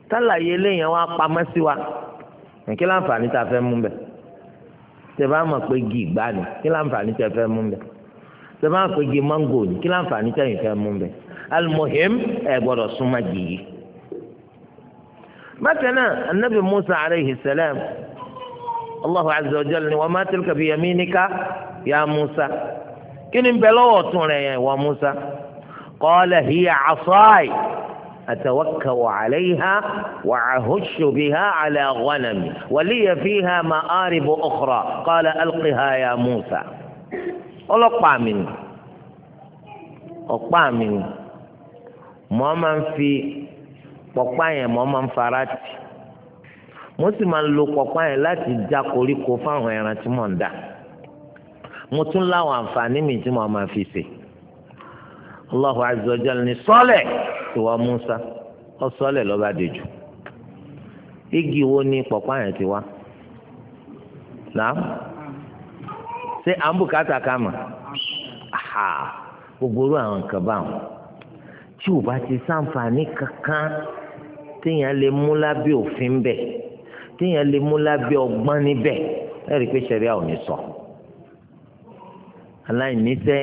tálàyé eléyàn wa pamọ́ sí wa kí láǹfààní tá a fẹ́ mú bẹ̀ tẹ bá mọ̀ pé gi ìgbà ni kí láǹfààní tẹ fẹ́ mú bẹ̀ tẹ bá mọ̀ pé gi mángò ni kí láǹfààní tẹ̀yìn fẹ́ mú bẹ̀ almuhim ẹ̀ gbọ́dọ̀ súnmọ́ gi yìí. مثلا النبي موسى عليه السلام الله عز وجل وما تلك بيمينك يا موسى كن بلوت موسى قال هي عصاي أتوكأ عليها واهش بها على غنمي ولي فيها مآرب أخرى قال ألقها يا موسى ألقى مني ألقى مني ما من في pọ̀pá yẹn mọ́ máa ń fara tì mo sì máa ń lo pọ̀pá yẹn láti já koríko fáwọn ẹran tí mò ń dà mo tún láwọn àǹfààní mi tí mo máa fi ṣe Allahu azza wa jalla ni sọ́lẹ̀ tiwọ́ Musa ọ sọ́lẹ̀ lọ́ba dejò igi wo ni pọ̀pá yẹn ti wá nàá ṣé à ká mà áhà àwọn nǹkan báwọn tí ò bá ti sáǹfààní kankan téèyàn lè mú lábẹ́ òfin bẹ̀ téèyàn lè mú lábẹ́ ọgbọ́n níbẹ̀ ẹ pé ṣẹ̀ríà ò ní sọ. aláìníṣẹ́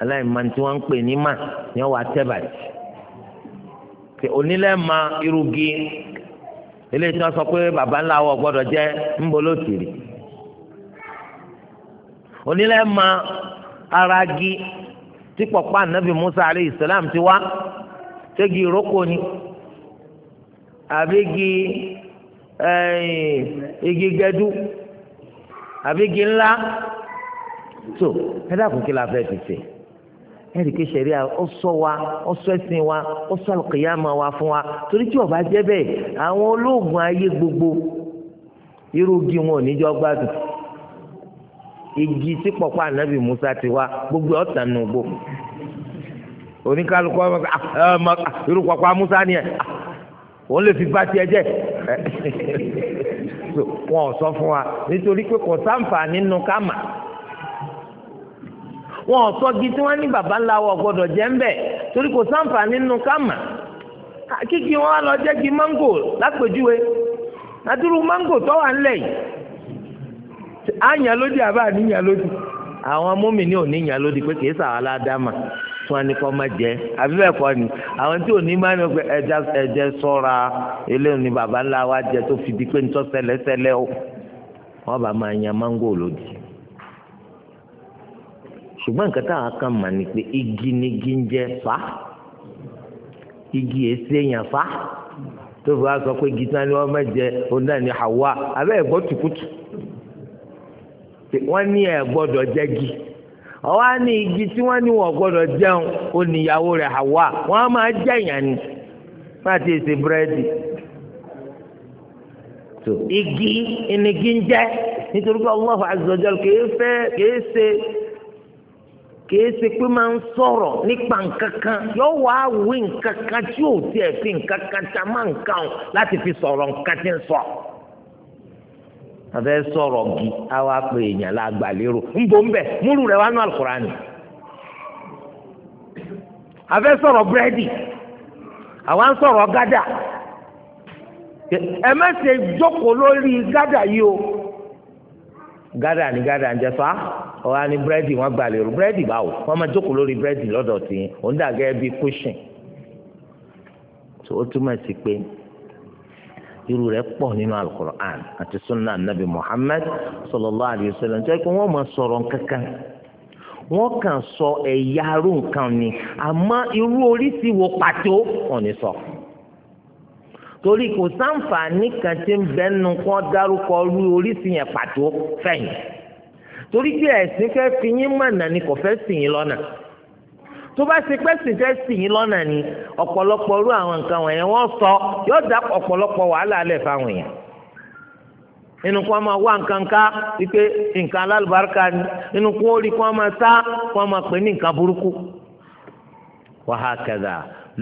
aláìmọ̀ tí wọ́n ń pè ní mà ni wọ́n wá tẹ́bàtì. onílẹ̀ ma irúgi eléyìí tí wọ́n musa ti wá ni. àbí igi igi gẹdú àbí igi ńlá tó ẹ dákun kí la fẹ́ ti ṣe ẹnìkè sẹ̀ríà ọ̀sọ́ wa ọ̀sọ́ ẹ̀sìn wa ọ̀sọ́ àlùkìyàmà wa fún wa torí tí ó bá jẹ́ bẹ́ẹ̀ àwọn olóògùn ayé gbogbo irú igi wọn ò ní jọ gbádùn igi tí pọ̀pọ̀ ànábì Musa ti wá gbogbo ọ̀tàn nùgbò oníkálukú ọmọ ah, irú pọ̀pọ̀ Musa ni ẹ̀ òun lè fi bá tiẹ̀ jẹ́ wọn ò sọ fún wa nítorí pé kò sáǹfà nínú ká mà wọn ò sọ di tí wọn ní baba ńlá wa gbọ́dọ̀ jẹ ń bẹ torí kò sáǹfà nínú ká mà kíkì wọn á lọ jẹ kí mángò lápèjúwe àdúrú mángò tó wà ńlẹ̀ yìí àyàn lódì àbá àníyàn lódì àwọn mùmínì ò níyàn lódì pé kìí sàwọn aládàá mà tí wọ́n ní kọ́ má jẹ́ àbí bẹ́ẹ̀ kọ́ ni àwọn tí ò ní má ní pé ẹja ẹjẹ sọ́ra eléyìí ni bàbá ńlá wa jẹ tó fi di pé ń tọ́ sẹ́lẹ̀sẹ́lẹ̀ o wọ́n bá máa yan máńgò lòdì ṣùgbọ́n nǹkan táwọn kan mà ní pé igi ni igi ń jẹ fa igi èsì èèyàn fa tó fi wá sọ pé igi tí wọ́n ní jẹ òun náà ní Hawa abẹ́ ẹ̀gbọ́ tukutu wọ́n ní ẹ̀ gbọ́dọ̀ jẹ́gi ọwọ́ ní igi tí wọ́n ní wọ́n gbọ́dọ̀ jẹun ó ní ìyàwó rẹ̀ Hawa wọ́n á máa ni ṣe búrẹ́dì igi jẹ́ nítorí pé ọlọ́fà kìí fẹ́ kìí ṣe kìí ṣe pé máa ń sọ̀rọ̀ nípa nǹkan afẹ́ sọ̀rọ̀ gi àwa pé èèyàn la gbà lérò nbọ nbẹ múlù rẹ wà nù alukurani afẹ́ sọ̀rọ̀ búrẹ́dì àwa ń sọ̀rọ̀ gádà ẹ má ṣe jókòó lórí gádà yìí o gádà ni gádà ń jẹ fa ọ̀hà ni búrẹ́dì wọ́n gbà lérò búrẹ́dì báwo wọ́n máa jókòó lórí búrẹ́dì lọ́dọ̀ tì í òun dàgẹ́ bíi kúṣìn tó túmọ̀ sí pé irú rẹ̀ pọ̀ nínú alukur'an àti sunna anabi muhammad sallallahu alayhi wa sallam jẹ́ pé wọ́n máa sọ̀rọ̀ kankan wọ́n kàn sọ ẹ̀yà arú nǹkan ni àmọ́ irú oríṣi wo pàtó wọ́n ní sọ. torí kò sáǹfààní kan tí ń bẹ́nu kọ́ dárúkọ irú oríṣi yẹn pàtó fẹ̀yìn torí pé ẹ̀sìn fẹ́ fi yín mọ̀nà ni kò fẹ́ sìn yín lọ́nà tó bá ṣe pẹ́ sì fẹ́ sì yín lọ́nà ni ọ̀pọ̀lọpọ̀ irú àwọn nǹkan wọ̀nyẹn wọ́n sọ yóò dá ọ̀pọ̀lọpọ̀ wàhálà lẹ̀ fáwọn èèyàn inú kó máa wá nǹkan ká wípé nǹkan alálùbáríkà ni inú kó rí kó máa sá kó máa pè ní nǹkan burúkú wàhákẹ́dà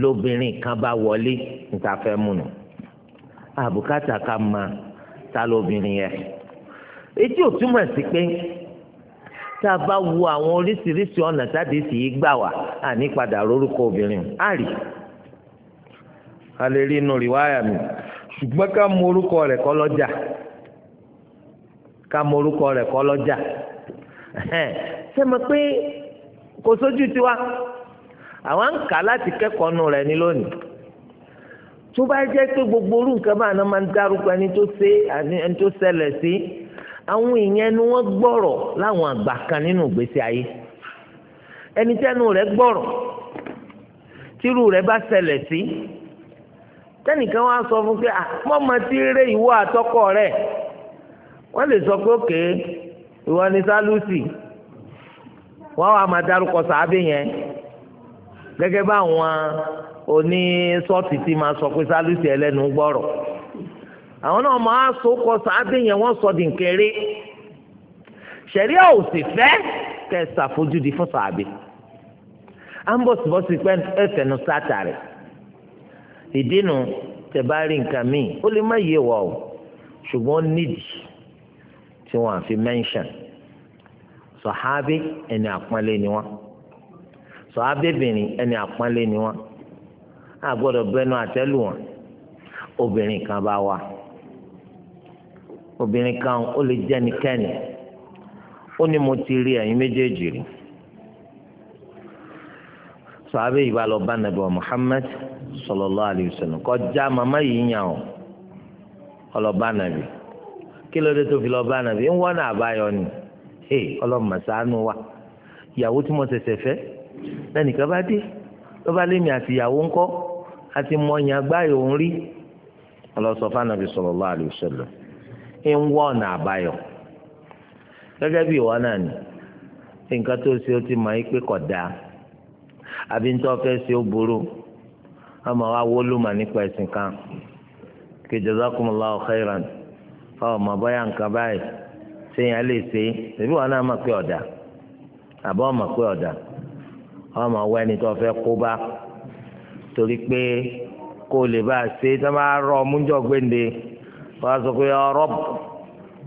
lóbìnrin kan bá wọlé níta fẹ́ múnu àbùkátà ká máa ta lóbìnrin yẹn èyí ò túmọ̀ sí pé tá a bá wo àwọn oríṣiríṣi ọ̀nà táde sì í gbà wá àní padà rórúkọ obìnrin á rí a lè rí inú rìwáyà mi ṣùgbọ́n ká mú orúkọ rẹ̀ kọ́ lọ́jà ká mú orúkọ rẹ̀ kọ́ lọ́jà ṣé mo pé kò sójú tiwa àwọn ń kà láti kẹ́kọ̀ọ́ nù rẹ̀ ní lónìí tó bá jẹ́ pé gbogbo orú máa ń dárúkọ ẹni tó ṣe ẹni tó ṣẹlẹ̀ sí àwọn èèyàn ni wọ́n gbọ́rọ̀ láwọn àgbà kan nínú ìgbésí ayé ẹni tẹ́nu rẹ̀ gbọ́rọ̀ tírú rẹ̀ bá ṣẹlẹ̀ sí tẹ́nìkan wá sọ fún pé mọ́mọ́ tí ré ìwọ àtọ́kọ rẹ̀ wọ́n lè sọ pé òkè ìwọ ni sálúsì wọ́n wá máa dárúkọ sàábì yẹn gẹ́gẹ́ bá àwọn oní sọ́ọ̀tì máa sọ pé sálúsì ẹlẹ́nu gbọ́rọ̀ àwọn náà máa so kọ sáábì yẹn wọ́n sọ di nkéré ṣẹ̀ríà ò sì fẹ́ kẹ́ ẹ ṣàfojúdi fún sáábì à ń bọ̀ síbọ̀ sí pé ẹ fẹ̀nu sáàtà rẹ̀ ìdí nu tẹ bá rí nǹkan míì ó lè má yé wa o ṣùgbọ́n nídìí tí wọ́n àfi mẹ́ńṣàn sọ̀hábì ẹni àpọ́nlé ni wọ́n sọ̀hábìbìnrin ẹni àpọ́nlé ni wọ́n àgbọ́dọ̀ bẹnu àtẹ́lù wọn obìnrin kan bá wà obìnrin kan ó lè jẹ́ nìkẹ́ni ó ní mo ti rí ẹ̀yin méjèèjì rí sàbẹ ìbálò bá nàbẹ wa Muhammad sallallahu alayhi wa sallam kọjá màmá yìí ń yàn ọ ọlọba nàbẹ kí ló dé tó fi lọba nàbẹ ń wọnà àbáyọ ni ẹ ọlọmọ sànù wa ìyàwó tí mo ṣẹ̀ṣẹ̀ fẹ́ lẹnìkan bá dé ló bá lémi àti ìyàwó ńkọ́ àti mọyìn àgbáyò ń rí ọlọsọfà nàbẹ sallallahu alayhi ń wá ọ̀nà gẹ́gẹ́ bí ìwọ náà ni nǹkan tó ṣe ó ti mọ̀ pé kò dáa àbí ń tọ́ fẹ́ ṣe ó burú wa wó nípa ẹ̀sìn kan ọmọ bọ́yá nǹkan báyìí ṣéyàn lè ṣe é ṣèbí wọn náà mọ̀ pé ọ̀dà àbọ̀ mọ̀ pé ọ̀dà ọmọ wa ẹni tó fẹ́ kó bá torí pé kó lè bá a ṣe tí wọ́n bá wọ́n á sọ pé ya Rabb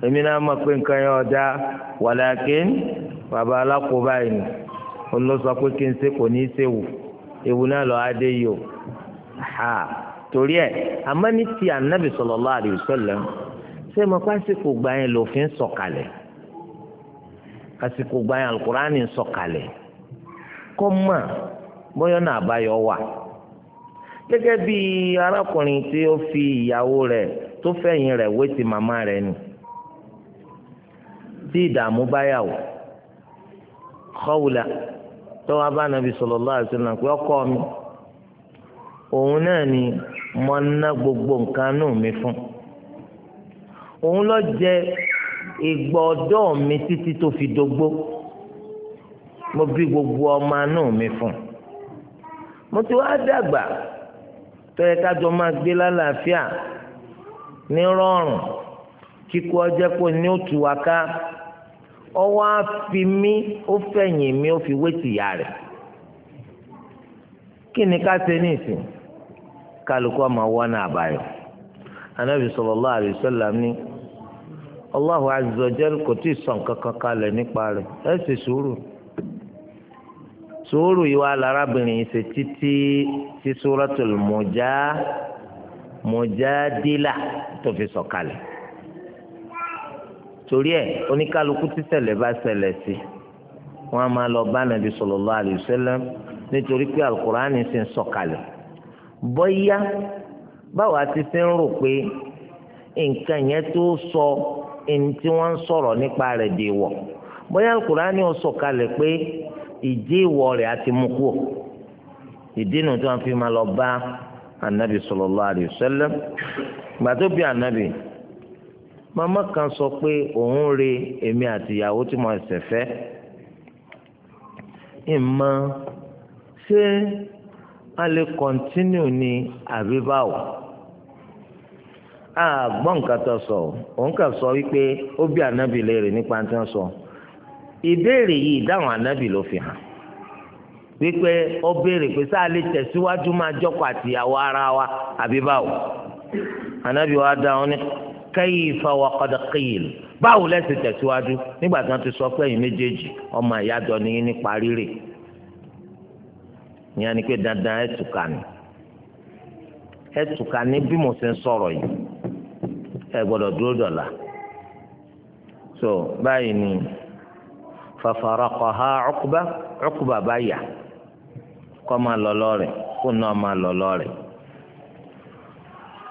èmi náà mọ̀ pé nǹkan yẹn ọ̀dà wàlàkín bàbá alákòóbá yìí ni wọ́n lọ sọ pé kí n ṣe kò ní í ṣe wù ewu náà lọ adé yìí o ha torí ẹ àmọ́ ní ti ànábì sallallahu alaihi wasallam ṣé mo pa àsìkò gbà yẹn lòfin sọ̀kalẹ̀ àsìkò gbà yẹn alukurani sọ̀kalẹ̀ kọ́ mọ̀ bóyá náà àbáyọ wà gẹ́gẹ́ bí arákùnrin tí ó fi ìyàwó rẹ̀ tó fẹ̀yìn rẹ̀ wé ti màmá rẹ̀ nù tí ìdààmú bá yà wò kọ́wùlà tó wá bá nàbì sallallahu alaihi wasallam pé ọkọ mi òun náà ni mo ná gbogbo nǹkan nù mí fún òun ló jẹ ìgbà ọ̀dọ́ mi títí tó fi dógbó mo bí gbogbo ọmọ nù mí fún mo ti wá dàgbà tó yẹ ká jọ máa gbé lálàáfíà. ní rọrùn kíkọ́ jẹ́ pé ní ó wa ká ọwọ́ á fi mí ó fẹ̀yìn mí ó fi rẹ̀ kí ni ká ṣe ní ìsìn kálukú ọmọ wọn náà àbáyọ anabi sallallahu alaihi wasallam ní Allahu azza kò tí ì sọ nǹkan kan kalẹ̀ nípa rẹ̀ ẹ sì sùúrù mọ̀jáàdìlà tó fi sọ̀kalẹ̀ torí ẹ̀ oníkálukú títẹ̀lẹ̀ bá ṣẹlẹ̀ sí wọ́n á máa lọ bá nàbí sallallahu alaihi wasallam nítorí pé alukur'ani sì ń sọ̀kalẹ̀ bọ́yá báwa ti fi ń rò pé nǹkan yẹn tó sọ ẹni tí wọ́n ń sọ̀rọ̀ nípa rẹ̀ dè wọ̀ bọ́yá alukur'ani ó sọ̀kalẹ̀ pé ìdí ìwọ rẹ̀ á mú kú ìdí nu tí wọ́n fi máa lọ bá anabi sallallahu alayhi wa sallam gbàtó bí anabi màmá kan sọ pé òun re èmi àti ìyàwó tí mo ṣẹ̀ fẹ́ ìmọ̀ ṣé a lè kọ́ntínú ní àbí báwo àgbọ̀n nǹkan tó sọ òun kàn sọ wípé ó bí anabi léèrè nípa tí wọ́n sọ ìbéèrè yìí dáhùn anabi ló fi hàn wípé ó béèrè pé sáà lè tẹ̀síwájú máa jọ́kọ̀ àtìyàwó ara wa àbí báwo ànábì wa dá wọn ní kayfa wa qad qil báwo lẹ́sẹ̀ tẹ̀síwájú nígbà tí wọ́n ti sọ pé ẹ̀yin méjèèjì ọmọ ìyájọ́ ni yín nípa rírè ìyẹn ni pé dandan ẹ̀ ni ẹ̀ ni bí mo ṣe ń sọ̀rọ̀ yìí ẹ̀ gbọ́dọ̀ dúró dọ̀la so báyìí ni fa faraqaha Uqba Uqba bá yà kọ́ máa lọ lọ́rẹ̀ kó náà máa lọ lọ́rẹ̀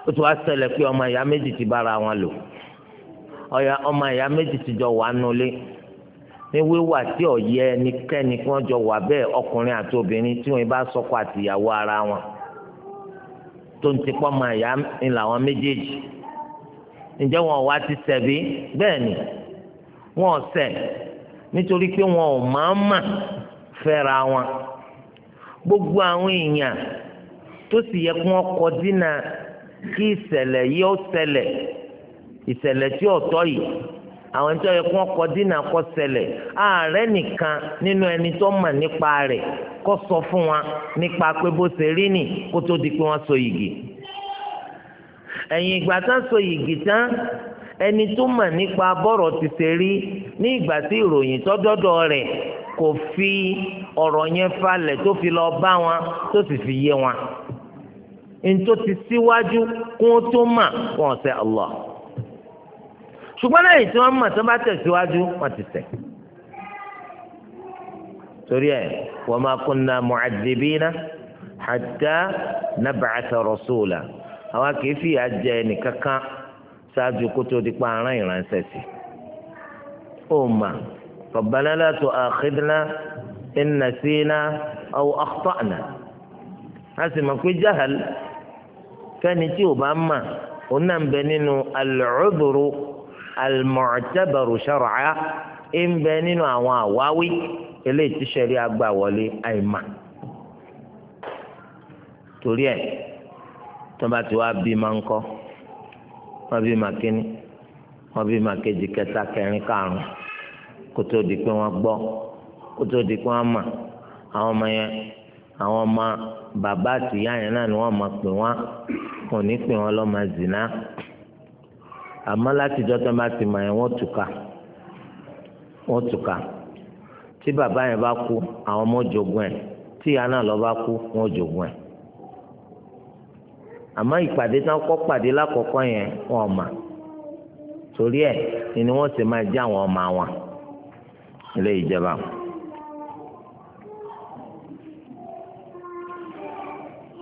ó ti wá ṣẹlẹ̀ pé ọmọ ìyá méjì ti bára wọn lò ọ̀yà ọmọ ìyá méjì ti jọ wà nulẹ̀ ní wíwà tí ọ̀yẹ́ ẹnikẹ́ni kí wọ́n jọ wà bẹ́ẹ̀ ọkùnrin àti obìnrin tí wọ́n bá sọ́kọ àtìyàwó ara wọn tó ń ti ọmọ ìyá ni làwọn méjèèjì ǹjẹ́ wọn wá ti ṣẹ̀bi bẹ́ẹ̀ ni wọ́n ṣẹ̀ nítorí pé wọn ò máa ń mà fẹ́ra wọn gbogbo àwọn èèyàn tó sì yẹ kí wọ́n kọ dínà kí ìṣẹ̀lẹ̀ yìí ó ṣẹlẹ̀ ìṣẹ̀lẹ̀ tí ò tọ́ yìí àwọn ẹni tó yẹ kí wọ́n kọ dínà kó ṣẹlẹ̀ ààrẹ nìkan nínú ẹni tó mọ̀ nípa rẹ̀ kó sọ fún wa nípa pé bó ṣe rí nì kó tó di pé wọ́n so yìgì ẹ̀yìn ìgbà tán so yìgì tán ẹni tó mọ̀ nípa bọ́rọ̀ ti ṣe rí ní ìgbà tí ìròyìn tọ́dọ́dọ̀ rẹ̀ kò fi ọ̀rọ̀ yẹn falẹ̀ tó fi lọ bá wọn tó sì fi yé wọn ntó ti síwájú kó tó mà wọn ṣe Allah ṣùgbọ́n lẹ́yìn tí wọ́n mọ̀ tó bá tẹ̀síwájú ti tẹ̀ torí wa ma kunna mu'adhibina hatta kìí ṣáájú kó tó di pa aràn ìránṣẹ́ sí ó mà rabbana la tu'akhidna in nasina aw akhta'na a sì mọ̀ pé jahal fẹ́ni tí ò bá mà ó nà ń bẹ nínú al-'udhru al-mu'tabaru ń bẹ nínú àwọn àwáwí eléyìí tí ṣẹ̀rí agbà wọlé àìmà torí ẹ̀ tó ti wá bí máa ń kọ́ wọ́n bí màá kíní wọ́n bí màá kẹta kẹrin karùn kótó di pé wọ́n gbọ́ kótó di pé wọ́n mà àwọn ọmọ yẹn àwọn ọmọ bàbá àtìyá yẹn náà ni wọ́n máa pè wọ́n kò ní pè wọ́n lọ́mọ zìnà àmọ́ látijọ́ tó bá ti mọ̀ yẹn wọ́n túká wọ́n túká tí bàbá yẹn bá kú àwọn ọmọ jogún ẹ̀ tíyá náà lọ bá kú wọ́n jogún ẹ̀ àmọ́ ìpàdé tán kọ́ pàdé lákọ̀ọ́kọ́ yẹn wọn mà torí ẹ̀ ni wọ́n sì máa jẹ́ àwọn ọmọ wọn ilé ìjọba.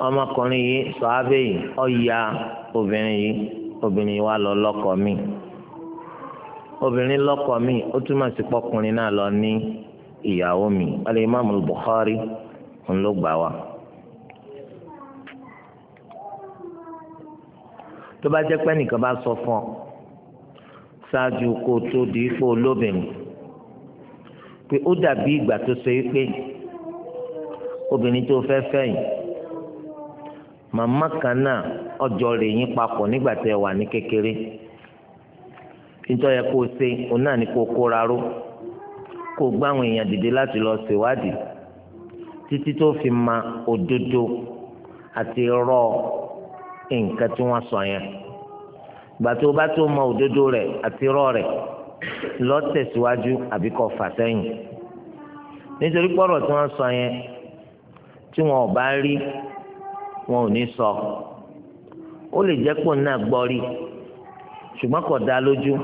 ọmọkùnrin yìí sọ́ábẹ́ yìí ọ̀ya obìnrin yìí obìnrin wa lọ lọ́kọ mi obìnrin lọ́kọ mi ó túmọ̀ sí pọkùnrin náà lọ ní ìyàwó mi al-Imam al-Bukhari ń ló gbà tó bá jẹ́ pé bá sọ fún ọ ṣáájú kó o tó di ipò olóbìnrin pé ó dàbí ìgbà tó ṣe pé obìnrin tó fẹ́ fẹ́ yìí màmá kan náà ọjọ́ rè yín papọ̀ nígbà tí ẹ wà ní kékeré nítorí ẹ kó o ṣe òun náà ní kó o kóra ró kó o gbá àwọn èèyàn dìde láti lọ ṣèwádìí títí tó fi ma òdodo àti rọ nǹkan tí wọ́n sọ yẹn gbà tó bá tó mọ òdodo rẹ̀ àti irọ́ rẹ̀ lọ tẹ̀síwájú àbí kó fà sẹ́yìn nítorí pọ̀rọ̀ tí wọ́n sọ yẹn tí wọn ò bá rí wọn ò ní sọ ó lè jẹ́ pò náà gbọ́ rí ṣùgbọ́n kò dá lójú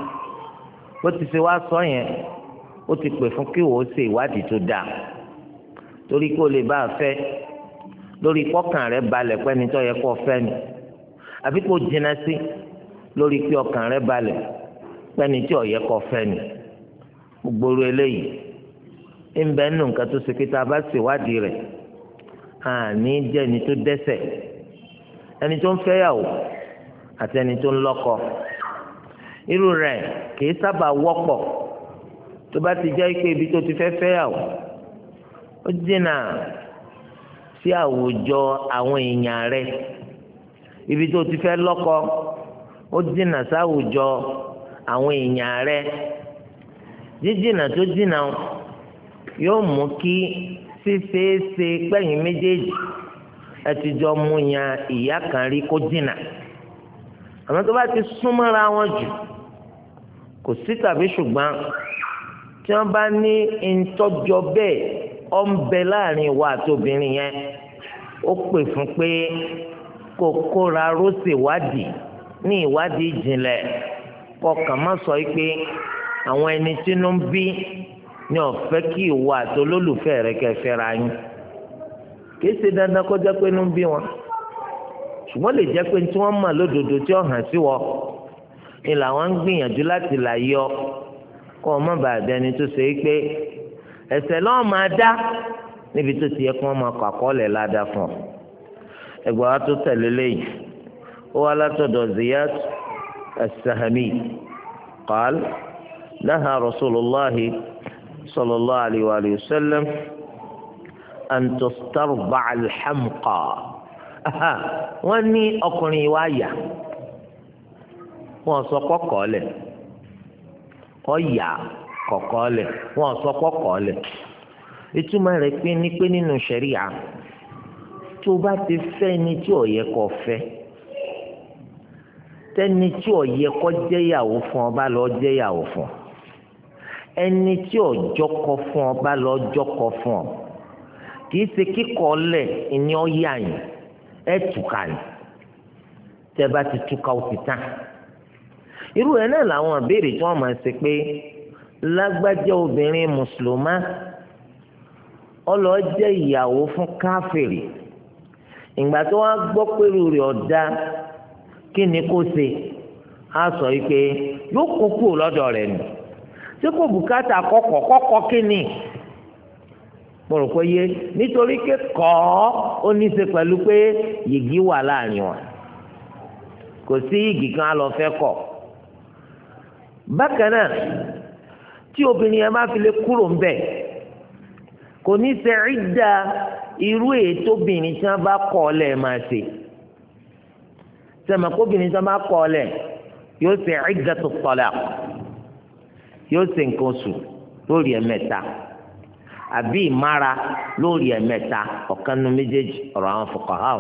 bó ti ṣe wá sọ yẹn ó ti pè fún kí wòó ṣe ìwádìí tó dáa torí kó lè bá a fẹ́ lórí pọ́kàn rẹ̀ balẹ̀ pẹ́ni tó yẹ kó fẹ́ ni àfi kò jìnnà sí lórí pé ọkàn rẹ balẹ̀ pẹ́ni tí ọ̀yẹ́ kọ fẹ́ ni gbogbo eléyìí ńbẹ nínú nǹkan tó ṣe kíta bá ṣèwádìí rẹ̀ àní jẹ́ ẹni tó dẹ́ṣẹ̀ ẹni tó ń fẹ́yàwó àti ẹni tó ń lọ́kọ irú rẹ̀ kìí sábà wọ́pọ̀ tó bá ti jẹ́ pé ibi tó ti fẹ́ fẹ́yàwó ó dínà sí àwùjọ àwọn èèyàn rẹ̀ ibi tó ti fẹ́ lọ́kọ ó dínà sáwùjọ àwọn èèyàn rẹ jíjìnà tó jìnà yóò mú kí ṣíṣeéṣe pẹ̀yìn méjèèjì ẹ ti jọ mú yan ìyá kan rí kó jìnà àmọ́ tó bá ti súnmọ́ra wọn jù kò sí tàbí ṣùgbọ́n tí wọ́n bá ní ìtọ́jọ bẹ́ẹ̀ ọ̀ ń bẹ láàrin ìwà àtòbìnrin yẹn ó pè fún pé kó kóra rósè wádìí ní ìwádìí ìjìnlẹ̀ kọkàn má sọ pé àwọn ẹni tínú ń bí ni ọ̀fẹ́ kí ìwọ àti olólùfẹ́ rẹ kẹfẹ́ ra yín kìí ṣe dandan kó jẹ́ pé inú ń bí wọn ṣùgbọ́n lè jẹ́ pé tí wọ́n mọ̀ lódodo tí ó hàn sí wọ ni làwọn ń gbìyànjú láti là yọ kó o má bàa dẹni tó ṣe pé ẹ̀ṣẹ̀ lọ́ọ́ máa dá níbi tó ti yẹ kí wọ́n máa kọ àkọọ́lẹ̀ ládàá fún ọ ẹgbà wa tó tẹ̀lé lẹ́yìn ó wá látọ̀dọ̀ ziyad as-sahami qaal naha rasulillahi sallallahu alayhi wa alayhi wa sallam an tustarba alhamqa wọ́n ní ọkùnrin wa yà wọ́n sọ kọ́kọ́ lẹ̀ ọ̀yà kọ̀kọ́ lẹ̀ wọ́n sọ kọ́kọ́ lẹ̀ ìtumọ̀ rẹ̀ pé ní pé nínú ṣẹ̀ríà tó bá ti fẹ́ ni tí ò yẹ kó fẹ́ tẹ́ni tí ò yẹ kó jẹ́yàwó fún ọ bá lọ jẹ́yàwó fún ọ ẹni tí ò jọkọ fún ọ bá lọ jọkọ fún ọ kìí ṣe kíkọ lẹ̀ ni ọ yà ẹ tùkà ní tẹ́ bá ti túká ó ti tán irú ẹ náà làwọn ìbéèrè tí wọ́n máa ṣe pé lágbájá obìnrin mùsùlùmá ọlọ́ọ́ jẹ́ ìyàwó fún káfíìrì ìgbà tí wọ́n gbọ́ pẹ̀lú rẹ̀ ọ̀dá kí ni kó ṣe á sọ yìí pé yóò kó kúrò lọ́dọ̀ rẹ̀ nù tí kò bùkátà kọ́kọ́ kọ́kọ́ kí ni mo rò pé yé nítorí pé kọ́ ó ní í ṣe pẹ̀lú pé yìgì wà láàrin wọn kò sí yìgì kan á lọ fẹ́ kọ̀ bákan náà tí obìnrin yẹn bá fi lè kúrò ń bẹ̀ kò ní ṣe rí dáa irú ètòbìnrin tí wọ́n bá kọ̀ ọ́ lẹ̀ máa ṣe sẹ̀mọ̀kóbìnrin tí wọ́n bá kọ̀ ọ́ lẹ̀ yóò ṣe iddatu talaq yóò ṣe nǹkan oṣù lórí ẹ̀mẹ́ta àbí ìmára lórí ẹ̀mẹ́ta ọ̀kan nu méjèèjì ọ̀rọ̀ àwọn fuqaha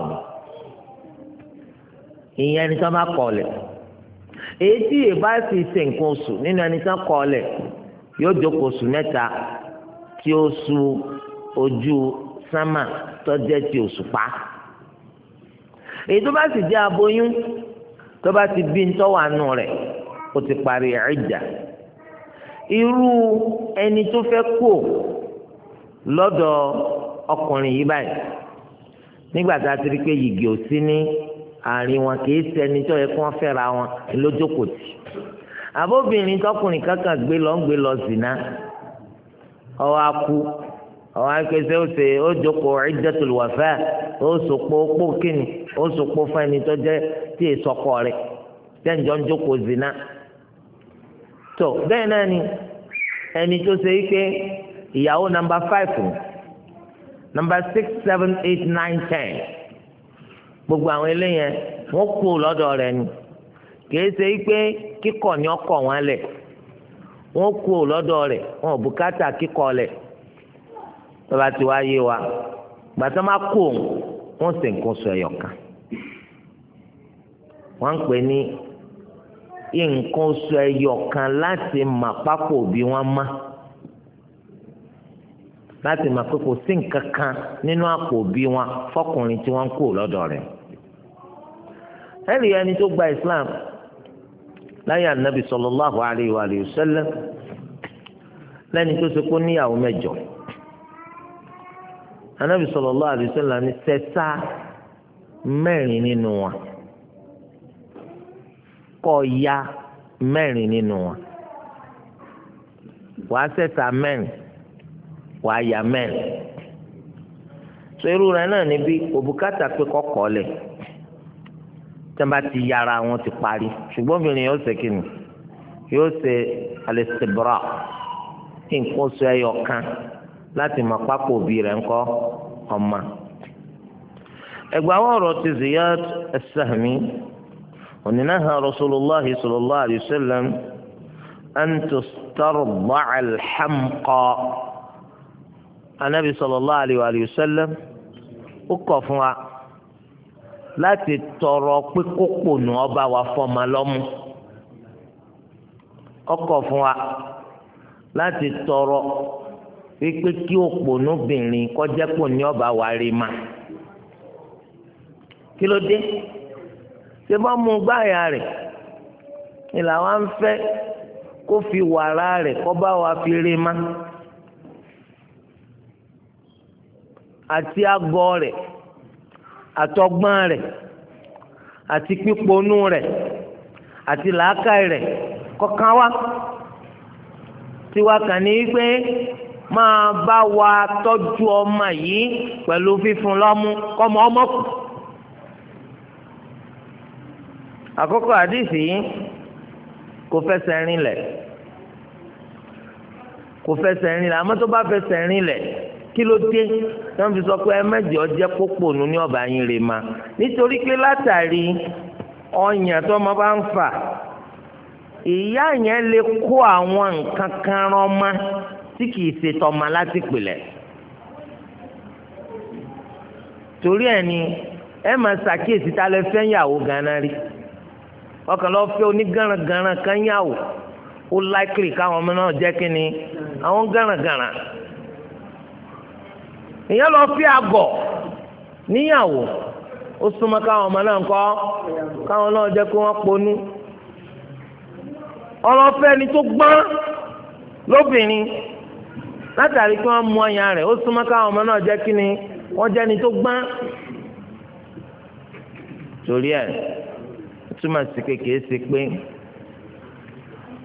ni ìyẹn ẹni tí wọ́n bá kọ̀ ọ́ lẹ̀ èyí tí ìbá sì ṣe nǹkan oṣù nínú ẹni tí wọ́n kọ̀ ọ́ lẹ̀ yóò jókòó oṣù mẹ́ta tí ó su ojú Sama tó jẹ́ ti òṣùpá èyí tó bá sì jẹ́ aboyún tó bá ti bí ntọ́wà nù rẹ̀ ó ti parí ẹ̀jà irú ẹni tó fẹ́ kú lọ́dọ̀ ọkùnrin yìí báyìí nígbà tá a ti rí pé yìgì ò sí ní àárín wọn kì í ṣẹni tó yẹ kí wọ́n fẹ́ra wọn lójókòó àbóbìnrin tọkùnrin kankan gbé lọ ń gbé lọ zìnà ọwọ́ akú àwọn akẹsẹ ó ṣe ó jókòó iddatul wafa ó sòpó pókìnì ó sòpó o tó jẹ tí èsọkọ rẹ tẹnjọ ń jókòó zina tó bẹ́ẹ̀ náà ni ẹni tó ṣe yí pé ìyàwó nàmbà fáìfù nàmbà six seven eight nine ten gbogbo àwọn eléyẹn wọn kú lọ́dọ̀ rẹ̀ ni kìí ṣe yí pé kíkọ ni ọkọ wọn le, wọn kú lọ́dọ̀ rẹ̀ wọn ò bùkátà tọ́ba ti wá yé wa gbàtà máa kó wọn sì nǹkan sọ ẹ̀yọ̀ kan wọ́n ń pè ní nǹkan oṣù ẹyọ kan láti mà pápò bí wọ́n má láti mà pé kò sí nǹkan wọn fọkùnrin tí wọ́n ń kó lọ́dọ̀ rẹ̀ ẹni tó gba Islam láyé ànábì sallallahu alayhi wa sallam lẹ́ni tó ṣe kó anabi sallallahu alaihi wasallam ní sẹsá mẹ́rin nínú wọn kọ ya mẹ́rin nínú wọn wàá sẹsá mẹ́rin wàá ya mẹ́rin so irú rẹ̀ náà níbi òbúkátà pé kọkọ lẹ tẹ́nba ti yára wọn ti parí ṣùgbọ́n obìnrin yóò ṣe kíni yóò ṣe alẹ́ sèbúrà kí nǹkan oṣù ẹyọ kan láti mọ pápò òbí rẹ̀ ńkọ́ ọmọ. ẹgbẹ́ àwọn ti Ziyad as-Sahmi oninaha rasulillah sallallahu alayhi wa sallam an tustarda'a al-hamqa anabi sallallahu alayhi wa sallam ó kọ̀ fún wa láti tọrọ pé kókò nù ọba wa fọmọ lọ́mú ó kọ̀ fún wa láti tọrọ. wípé kí òpònúbìnrin kọjá pò ní ọba wa rí ma kí ló dé ṣé bá mú gbáyà rẹ̀ ni làwa ń fẹ́ kó fi wàrà rẹ̀ kọ́ wa fi rí ma àti agọ rẹ̀ àtọgbọ́n rẹ̀ àti píponú rẹ̀ àti làákàyè rẹ̀ kọkàn wa tiwa kàn pé máa bá wa tọ́jú ọmọ yìí pẹ̀lú fífún lọ́mú kọ́mọ ọmọ kù. àkókò àdìsí kò fẹsẹ̀ rinlẹ̀ kò fẹsẹ̀ rinlẹ̀ àmọ́ tó bá fẹsẹ̀ rinlẹ̀ kí ló dé tí wọ́n fi sọ pé ẹmẹ́jọ jẹ́ pópónù ní ọ̀bà yín rè ma nítorí pé látàrí ọyàn tó ọmọ bá ń fà ìyá yẹn lè kó àwọn nǹkan kan rán mọ́ tí kìí ṣe tọmọ láti pìlẹ̀ torí ẹ̀ ni ẹ máa ṣàkíyèsí tá a lè fẹ́ yàwó ganan rí ọkàn lọ fẹ́ onígànràngànrà kan yàwó ó láìkiri káwọn ọmọ náà jẹ́ kí ni àwọn gànràngànrà èèyàn lọ fi àgọ̀ níyàwó ó súnmọ́ káwọn ọmọ náà kọ́ káwọn náà jẹ́ kí wọ́n ponú ọlọ́fẹ́ ni tó gbọ́n lóbìnrin látàrí kí wọ́n mú ọyàn rẹ̀ ó súnmọ́ káwọn ọmọ náà jẹ́ kí ni wọ́n jẹ́ ni tó gbọ́n torí ẹ̀ túmọ̀ sí kékeré sí pé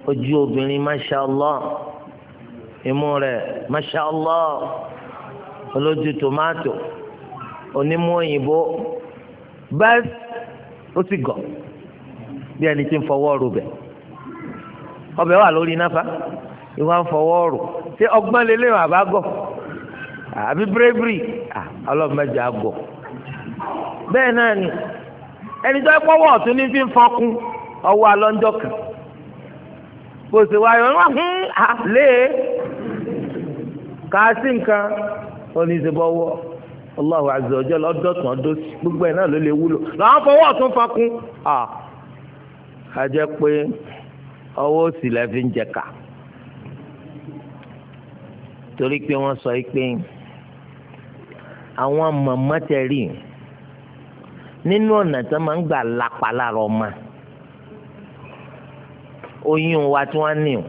ojú obìnrin mashallah imú rẹ̀ mashallah olójú tomato, onímú òyìnbó bẹ́ẹ̀ ó sì gọ̀ bí ẹni tí ń fọwọ́ rubẹ̀ ọbẹ̀ wà lórí náfa. ìwà ń fọwọ́ rò ṣé ọgbọ́n lélẹ́yìn àbágọ̀ àbí bravery ọlọ́mọdé àgọ̀ bẹ́ẹ̀ náà ni ẹni tó pọ́wọ́ ọ̀tún ní fi ń fọkún ọwọ́ alọ́njọ́ kan kò sì wáyé wọn e. hún àlẹ́ kàásì nǹkan oníṣẹ́bọ̀wọ́ Allahu azza wa jalla lọ́dọ̀tún ọdọ́ gbogbo ẹ̀ náà ló lè wúlò làwọn fọwọ́ ọ̀tún fọkún àjẹpé ọwọ́ òsì lẹ́ fi ń jẹ kà torí pé wọ́n sọ pé àwọn màmá tẹ̀rí nínú ọ̀nà tó máa ń gbà lápá lára ọmọ oyún wa tí wọ́n ní o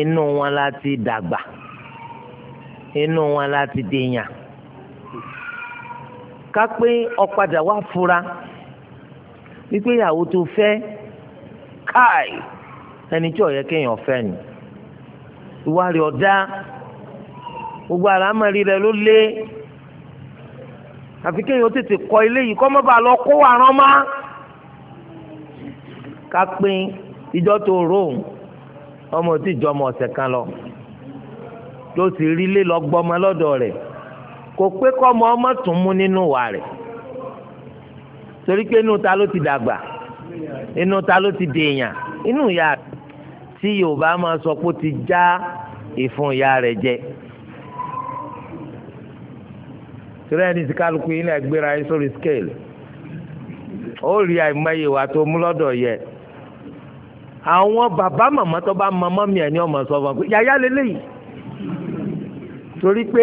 inú wọn láti dàgbà inú wọn láti dèèyàn ká pé ọ̀padà wá fura wípé ìyàwó tó fẹ́ káì ẹni tí ó kéèyàn fẹ́ ni. ìwà rẹ̀ ọ̀dá gbogbo àlámọ̀rí rẹ̀ ló lé àfi kéèyàn tètè kọ ilé yìí kọ́ mọ́ bàa lọ kó àrán má ká pín ìjọ tó róun ọmọ tí ìjọ ọmọ ọ̀sẹ̀ kan lọ tó sì rí ilé lọ gbọmọ lọ́dọ̀ rẹ̀ kò pé kọ́ ọmọ tún mú nínú wà rẹ̀ torí pé inú ta ló rẹ̀. tí yorùbá máa sọ pé ó ti já ìfun ìyá rẹ̀ jẹ torí ẹni tí kálukú yín náà gbéra yín sórí scale ó rí àìmọye wa tó mú lọ́dọ̀ yẹ àwọn bàbá màmá tó bá màmá mi ẹ̀ ní ọmọ sọ fún mi yàyà lélẹ́yìí torí pé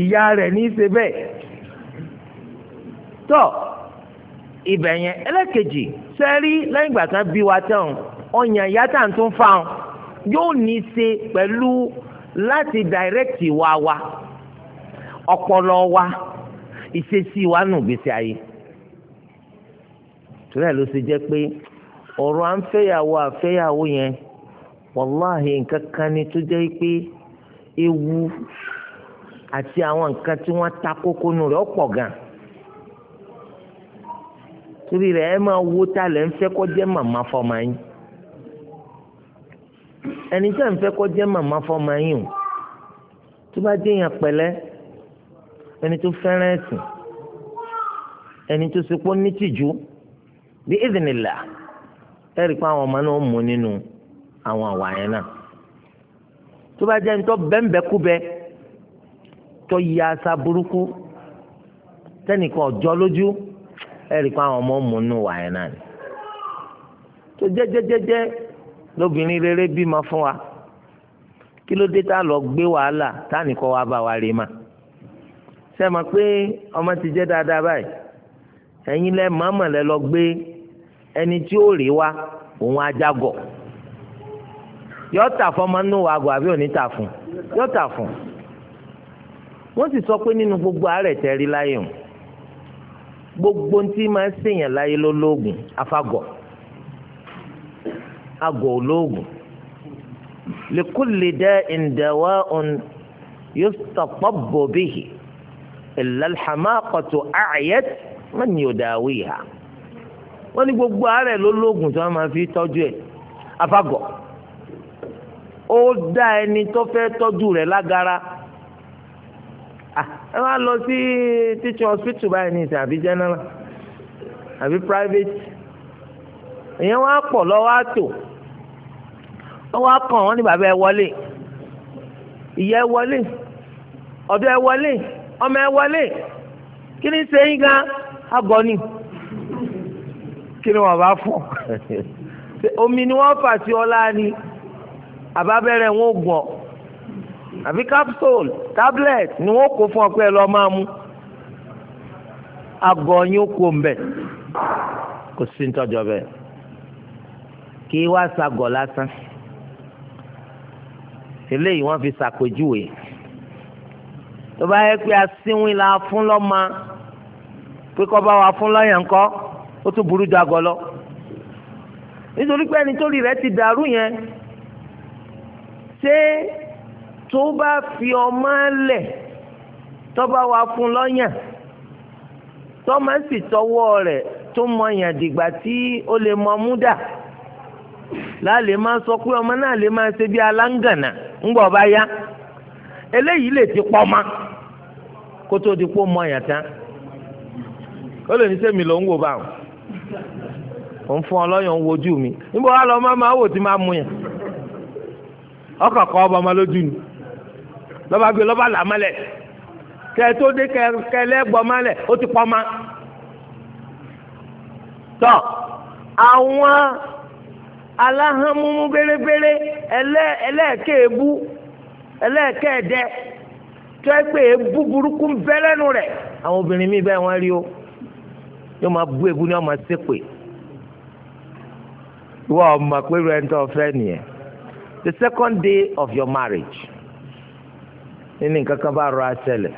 ìyá rẹ̀ ní í ṣe bẹ́ẹ̀ tọ́ ibẹ̀ yẹn ẹlẹ́kejì sẹ́rí lẹ́yìn ìgbà bí wa tán ọyàn ìyá tá à ń tún fa yóò ní í ṣe pẹ̀lú láti direct wa wa ọpọlọ wa ìṣesí wa nù gbèsè ayé torí ẹ̀ ló ṣe jẹ́ pé ọ̀rọ̀ à ń fẹ́yàwó àfẹ́yàwó yẹn wàláhì nǹkan kan ni tó jẹ́ pé ewu àti àwọn nǹkan tí wọ́n ta kókó nù rẹ̀ ọ̀pọ̀ gan torí rẹ̀ ẹ máa wo ta lẹ́ ń fẹ́ kó jẹ́ màmá fọmọ yín ẹni tí à ń fẹ́ kọ́ jẹ́ màmá fọ́mọ yín o tó bá jẹ́ èèyàn pẹ̀lẹ́ ẹni tó fẹ́ràn ẹ̀sìn ẹni tó sepọ́ nítìjú bí ìdìnnìlà ẹ rí i pé àwọn ọmọ náà mú nínú àwọn àwà yẹn náà tó bá jẹ́ ẹni tó bẹ́ńbẹ́kúbẹ́ tó yí asa burúkú tẹ́nìkan ọ̀jọ́ lójú ẹ rí i pé àwọn ọmọ mú nínú àwà yẹn náà tó jẹ́ jẹ́jẹ́jẹ́ lóbìnrin rere bímọ fún wa kí ló dé tá a lọ gbé wàhálà tá a nìkan wá bá wa rè mà ṣe mọ̀ pé ọmọ ti jẹ́ dáadáa báyìí ẹ̀yin lẹ mọ̀ọ́mọ̀ lẹ lọ gbé ẹni tí ó rè wa òun ajágọ̀ yọ tà fún ọmọ nínú wàgọ̀ àbí òní tà fún yọ fún wọ́n sì sọ pé nínú gbogbo àárẹ̀ tẹ́ láyé o gbogbo ntí máa ń ṣèyàn láyé lólógùn afagọ̀ àgọ́ olóògùn likulli da'in dawa'un yustatabbu bihi illa alhamaqatu a'yat man yudawiha wọ́n ní gbogbo àárẹ̀ ló lóògùn tí wọ́n máa fi tọ́jú ẹ̀ afagọ̀ ó dá ẹni tó fẹ́ tọ́jú rẹ̀ lágara ah, ẹ wá lọ sí teaching hospital báyìí ní ìsìn àbí general àbí private èèyàn wá pọ̀ lọ́wọ́ àtò wọ́n á kàn wọ́n ní bàbá ẹ wọlé ìyá ẹ wọlé ọ̀dọ́ ẹ wọlé ọmọ ẹ wọlé kí ni ṣe yín gan agọ ni kí ni wọ́n bá fọ́ omi ni wọ́n fà sí ọlá ni àbábẹ́rẹ́ wọn ò gbọ́ àbí capsule tablet ni wọ́n kó fún ọ pé ẹ lọ́ọ́ máa mú agọ yín ó kó mbẹ kò sí ní tọ́jọ́ bẹ́ẹ̀ kí wá sagọ̀ lásán eléyìí wọ́n fi ṣàpèjúwe tó bá yẹ pé asínwín la fún lọ́mọ pé kọ́ bá wa fún lọ́yàn kọ́ ó tún burú ju agọ́ lọ nítorí pé ẹni tó rí rẹ̀ ti dàrú yẹn ṣé tó bá fi ọmọ lẹ̀ tó bá wa fún lọ́yàn tọ́mọ sì tọwọ́ rẹ̀ tó mọyàn dìgbà tí ó lè mọ mú dà. láàlè máa sọ pé ọmọ náà lè máa ṣe bí aláǹgànà ńgbọ̀ bá yá eléyìí lè ti pọ̀ ma kó tó di pé mọ ẹ̀yà ó lè ní sẹ́mi ló ń wò bá wọn ò ń fún ń wojú mi níbo wá máa wò tí máa mú yẹn ọkọ̀ kọ́ ọba ọmọ lójú ni lọ́ba gbé lọ́ba là mọ́lẹ̀ kẹ́ tó dé ó ti ma tọ́ àwọn. aláhánmúmú bérebére ẹlẹ́ẹ̀kẹ́ẹ̀bú ẹlẹ́ẹ̀kẹ́ẹ̀dẹ tó ẹ pé ebú burúkú ń lẹ́nu rẹ̀ àwọn obìnrin mi bẹ́ẹ̀ wọ́n rí o yóò máa bú ebú ni wọ́n máa ṣépè wọ́n ọmọ pé rẹ́ńtọ́ ọ̀fẹ́ nìyẹn the second day of your marriage nínú nǹkan kan bá rọ àṣẹlẹ̀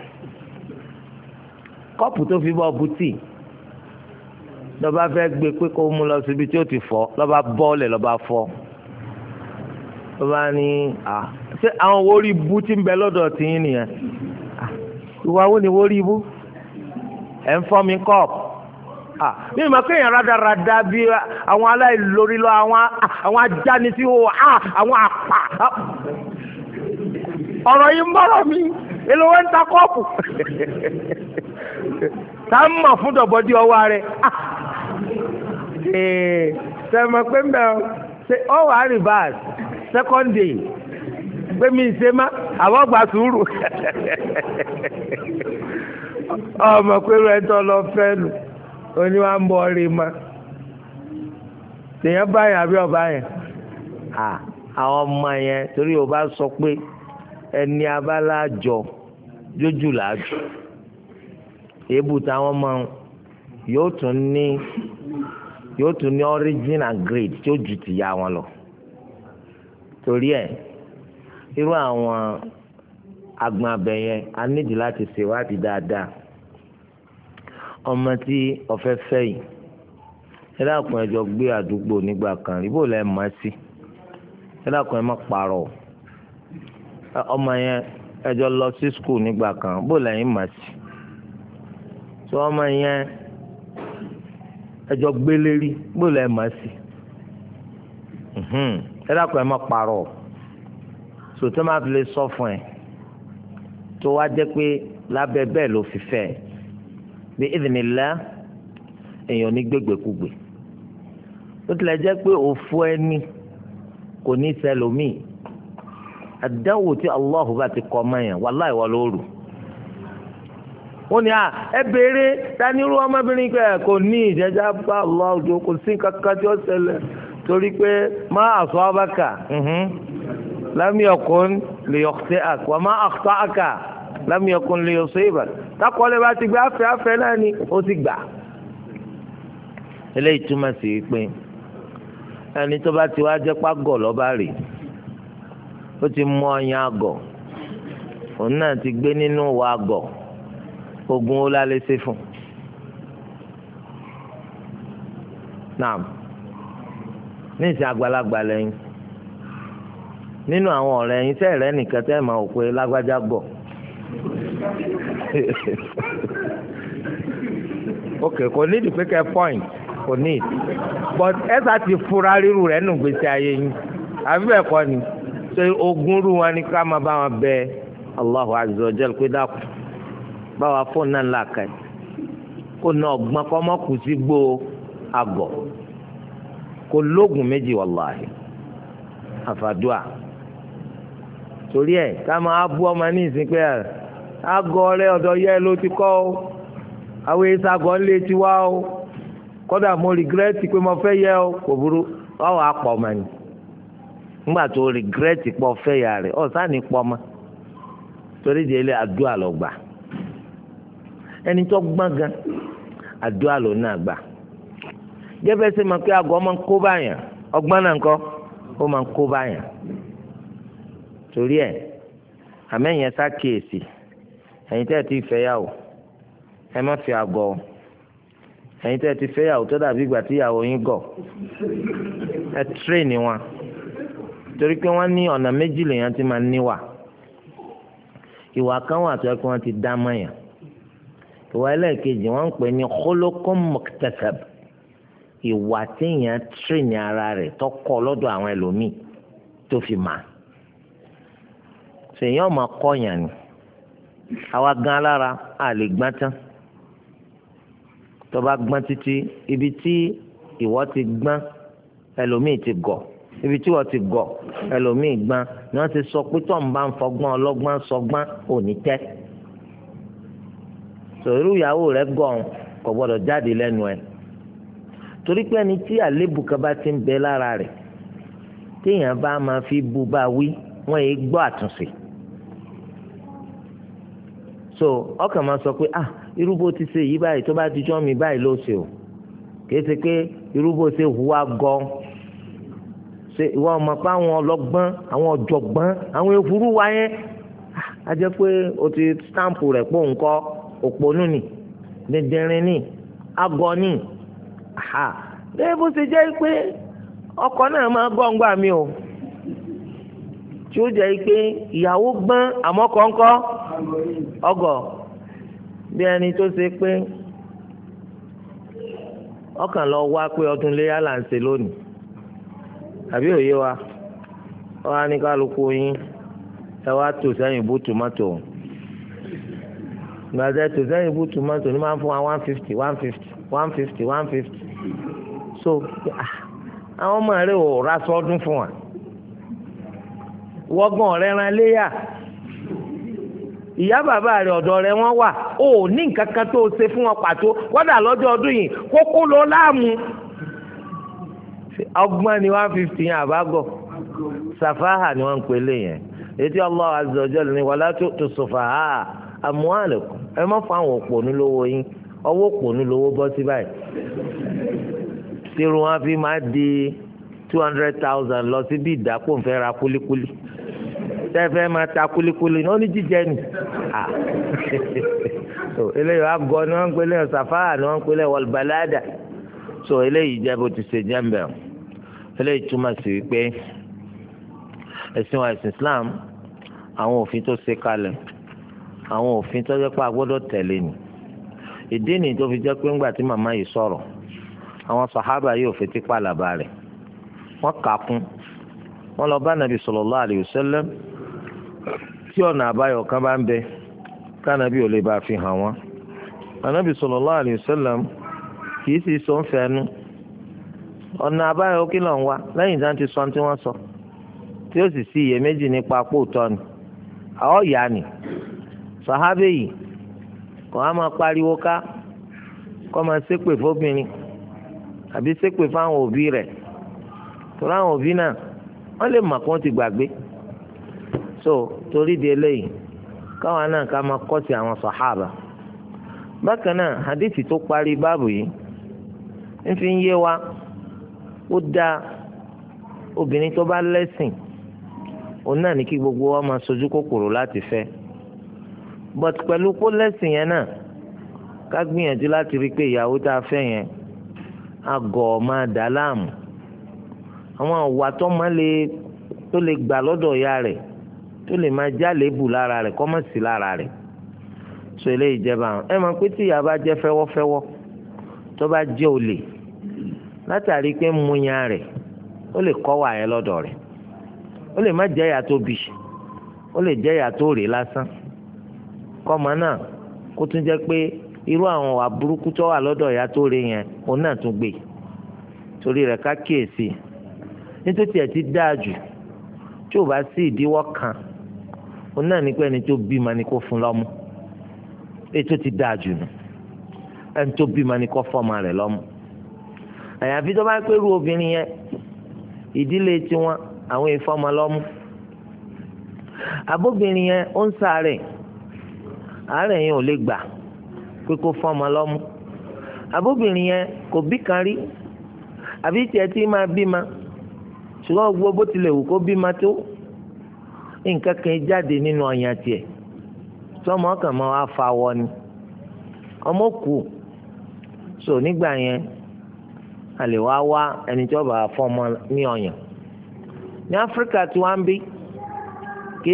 kọ́ọ̀pù tó fi bọ́ ọbú tíì lọ́ba fẹ́ gbé pé kó mú lọ síbi tí ó ti fọ́ lọ́ba bọ́ọ̀lẹ̀ lọ́ba fọ́ lọ́ba ní à ṣé àwọn owó rí ibú tí ń bẹ lọ́dọ̀ tí yín nìyẹn ìwà wo ni wó ibú ẹ̀ ń fọ́ mi kọ́ọ̀pù à mi ì mọ̀ pé èèyàn rádaràda bíi àwọn aláìlórí lọ àwọn ajáni tí àwọn àpà ọ̀rọ̀ yìí ń bọ̀rọ̀ mi èlò wọn ń ta kọ́ọ̀pù tá a mọ̀ fún dọ̀bọ́dí ọwọ́ rẹ̀ sẹ́mọ̀ eh, pé mbẹ́ ọ wà á rìbáàs second day pé mi ṣe má àwọn gbà sùúrù ọmọ pé rẹ̀ tọ́ lọ fẹ́ nu oní wa ń bọ̀ rí ma tèèyàn báyìí àbí ọba yẹn àwọn ọmọ yẹn torí o bá sọ pé ẹni abálájọ jójú làájú èébù táwọn máa yóò tún ní yóò tún ní original grade tí ó ju tìyá wọn lọ torí ẹ irú àwọn agbọn abẹ yẹn a nídìí láti ṣèwádìí dáadáa ọmọ tí ọfẹ fẹ́ yìí ẹ dákun ẹ jọ gbé àdúgbò nígbà kan rí bó lẹ mọ sí ẹ dákun ẹ má parọ́ ọmọ yẹn ẹ lọ sí skul nígbà kan bó lẹyìn mọ sí tí ọmọ yẹn ẹjọ́ gbélé rí gbọ́dọ̀ ẹ̀ máa sì ẹ dákun ẹ má parọ́ sòtẹ́ máa fi lè sọ fún ẹ tó wá jẹ́ pé lábẹ́ bẹ́ẹ̀ ló fi fẹ́ ẹ bí ìdìnnìlá èèyàn ní gbégbèkúgbè ó tilẹ̀ jẹ́ pé òfu ẹni kò ní sẹlómìn àdánwò tí Allahu bá ti kọ́ mọ́ yẹn wàláì lóru wọ́n ní à ẹ béèrè tanirú ọmọbìnrin pé kò ní ìjẹ́jà bá Allah òjò kò sí kankan tí ó ṣẹlẹ̀ torí pé má àṣọ abáka lámì ọkùn lè yọ̀ṣẹ́ àkọ́ má àṣọ àkà lámì ọkùn lè yọ̀ṣẹ́ ìbà takọ́lẹ̀ bá ti gbé afẹ́ afẹ́ náà ni ó ti gbà. eléyìí túmọ̀ sí pé ẹni tó bá ti wá jẹ́ pàgọ́ lọ́ba rè ó ti mú ọyàn àgọ̀ òun náà ti gbé nínú wa àgọ̀ oògùn ó lálẹ́ ṣe fún naam ní ìsìn àgbàlagbà lẹ́yìn nínú àwọn ọ̀rẹ́ yín tẹ́ ẹ̀rẹ́ nìkan tẹ́ ẹ̀ máa wò pé lágbájá gbọ̀ ok kò ní ìdí pé kẹ́ point kò ní ìdí but ẹ sá ti fura ríru rẹ̀ nù gbèsè ayé yín àbí bẹ́ẹ̀ kọ́ ni ṣe ogun rú wọn ni ká máa bá wọn bẹ Allahu azza wa pé dákun. báwa fóònù náà là kàn kó náà gbọ́n kọ́ mọ́ kù sí gbó agọ̀ kó lóògùn méjì wàláhì àfàdúà torí ẹ ká máa bú ọmọ ní ìsìn agọ rẹ ọ̀dọ̀ yẹ ló ti ọ àwọn èsì agọ ń lé tiwa o kódà mo rìgírẹ́tì pé mo fẹ́ yẹ ọ kò burú báwo á ọmọ ni nígbà tó rìgírẹ́tì pọ̀ fẹ́ yà rẹ̀ ọ̀sán ni pọ̀ ọmọ torí di ilé lọ gbà. ẹni tó gbọ́n gan àdúrà ló náà ma gẹ́gẹ́ sẹ́ ma pé àgọ́ máa ń kó báyàn ọgbọ́n náà kọ́ ó máa ń kó torí ẹ̀ àmẹ́yìn ẹ̀sà kíyèsí ẹ̀yin tẹ́ ẹ ti fẹ́yàwó ẹ má fi àgọ́ ẹ̀yin tẹ́ ẹ ti fẹ́yàwó tó dàbí ìgbà tí ìyàwó yín gọ̀ ẹ wọn torí pé wọ́n ní ọ̀nà méjì lèèyàn ti máa níwà ìwà ìwà ẹlẹ́ẹ̀kejì wọ́n ń pè ní khuluqun muktasab ìwà téèyàn tírìnì ara rẹ̀ tọkọ lọ́dọ̀ àwọn ẹlòmíì tó fi mà sèyàn máa kọyàn ni àwa gan alára a lè gbọ́n tán tó bá gbọ́n títí ibi tí ìwọ ti gbọ́n ẹlòmíì ti gọ̀ ibi tí wọ́n ti gọ̀ ẹlòmíì gbọ́n ni wọ́n ti sọ pé tó ń bá ń fọgbọ́n ọlọ́gbọ́n sọgbọ́n òní tẹ́ sọ irú ìyàwó rẹ gàn kò gbọ́dọ̀ jáde lẹ́nu ẹ̀ torí pé ẹni tí àléébù kan bá ti ń bẹ lára rẹ̀ téèyàn bá máa fi bu bá wí wọ́n yìí gbọ́ àtúnṣe so ọkàn máa sọ pé ah irú bó ti ṣe yìí báyìí tó bá ti jọ́ mi báyìí ló ṣe o kìí ṣe pé irú bó ṣe hùwà gan ṣe ìwọ ọmọ pa àwọn ọlọ́gbọ́n àwọn ọ̀jọ̀gbọ́n àwọn èfúrú wa ah, a jẹ́ pé o ti stamp rẹ̀ pọ̀ ńkọ́ òpònú ni dẹdẹrin ni agọ ni ha bẹ́ẹ̀ bó ṣe jẹ́ pé ọkọ náà máa mi o tí ó jẹ́ pé ìyàwó gbọ́n àmọ́ kọ́ńkọ́ ọgọ̀ bí ẹni tó ṣe pé ọkàn lọ wá pé ọdún léyà là ń ṣe lónìí àbí òye wa ọ á ní kálukú yín ẹ wá tò gbàdá tó sẹ́yìn bú tomato ní máa ń fún wa one fifty one fifty one fifty one fifty so ah, àwọn ọmọ rẹ ò ra sọdún fún wa wọ́gbọ̀n ọ̀rẹ́ ran léyà ìyá bàbá rẹ ọ̀dọ̀ rẹ wọ́n wà ó ní nǹkan kan tó ṣe fún wọn pàtó kódà lọ́jọ́ ọdún yìí kókó ló láàmú ọgbọ́n ni one fifty yẹn àbágọ̀ sàfáhà ni wọ́n ń pè é lé yẹn etí Allah azza wa jalla ni wala tu'tu sufaha amwalakum ẹ má fún àwọn òpònú lówó yín ọwọ́ òpònú lówó bọ́ sí báyìí tírun wọn fi máa di two hundred thousand lọ sí bí ìdápò ń fẹ́ ra kúlíkúlí tẹ́fẹ́ máa ta kúlíkúlí ní ó ní jíjẹ nì so eléyìí wàá gọ ni wọ́n ń pèlè ṣàfáà ni wọ́n ń pèlè wọlbalada so eléyìí jẹ́ bó ti ṣe jẹ́ mbẹ́ eléyìí túmọ̀ sí wípé ẹ̀sìn wa ẹ̀sìn Islam àwọn òfin tó ṣe kalẹ̀ àwọn òfin tó jẹ́ pé a gbọ́dọ̀ tẹ̀lé ni ìdí nìyí tó fi jẹ́ pé ńgbà tí màmá yìí sọ̀rọ̀ àwọn sàhábà yìí ò fetí pàlàbà rẹ̀ wọ́n kà á kún wọ́n lọ bá nàbì sallallahu alayhi wa tí ọ̀nà àbáyọ kan bá ń bẹ kánàbì ò lè bá fi hàn wọ́n ànàbì sallallahu alayhi wa kì í sì sọ ń fẹnu ọ̀nà àbáyọ kí ló wá lẹ́yìn tí wọ́n ti sọ tí wọ́n sọ tí ó Sahabe, yìí kò á máa pariwo ká kó máa ṣépè fóbìnrin àbí ṣépè fáwọn òbí rẹ̀ torí àwọn òbí náà wọ́n lè mọ̀ kó ti gbàgbé so torí di eléyìí káwọn náà ká máa kọ́sì àwọn sàhábà bákan náà hadithi tó parí báàbù yìí ń fi ń yé wa ó dáa obìnrin tó bá lẹ́sìn òun náà ní kí gbogbo wa máa sojú kòkòrò láti fẹ́ but pẹ̀lú kó lẹ́sìn yẹn náà ká gbìyànjú láti rí i pé ìyàwó tá a fẹ́ yẹn àgọ̀ máa dà láàmú àwọn àwà tó máa lè tó lè gbà lọ́dọ̀ ya rẹ̀ tó lè máa jálè bù lára rẹ̀ kọ́ mọ̀ sí lára rẹ̀ so eléyìí jẹba ẹ máa pé tí ìyá bá jẹ́ fẹ́wọ́fẹ́wọ́ tó bá jẹ́ olè látàrí pé múyan rẹ̀ ó lè kọ́ wà yẹn lọ́dọ̀ rẹ̀ ó lè má jẹ́ ìyá tó bí ó lè jẹ́ ìyá tó rè lásán kọ́mọ náà kó tún jẹ́ pé irú àwọn wà tó wà lọ́dọ̀ tó rí yẹn òun náà tún gbé torí rẹ̀ ká kíyèsí ẹ̀ ti dáa jù tí ò bá sí ìdíwọ́ kan òun náà ní pé ẹni tó bímọ ni kó fún lọ́mú ti dáa jù nù ẹni tó ni kó rẹ̀ lọ́mú àyàfi tó bá pé irú obìnrin yẹn ìdílé tiwọn àwọn lọ́mú yẹn ó ń sáré. àárẹ̀ yẹn ò lè gbà pé kó fọ́mọ yẹn kò bí kan rí àbí tiẹ̀ tí máa ma ṣùgbọ́n gbogbo bó tilẹ̀ wù kó ma tó nǹkan kan jáde nínú ọyàn tiẹ̀ sọmọ kàn máa wá fa wọ ni ọmọ kù so nígbà yẹn a wá wá ẹni tí wọ́n bá ní ní áfíríkà tí wọ́n ń bí kì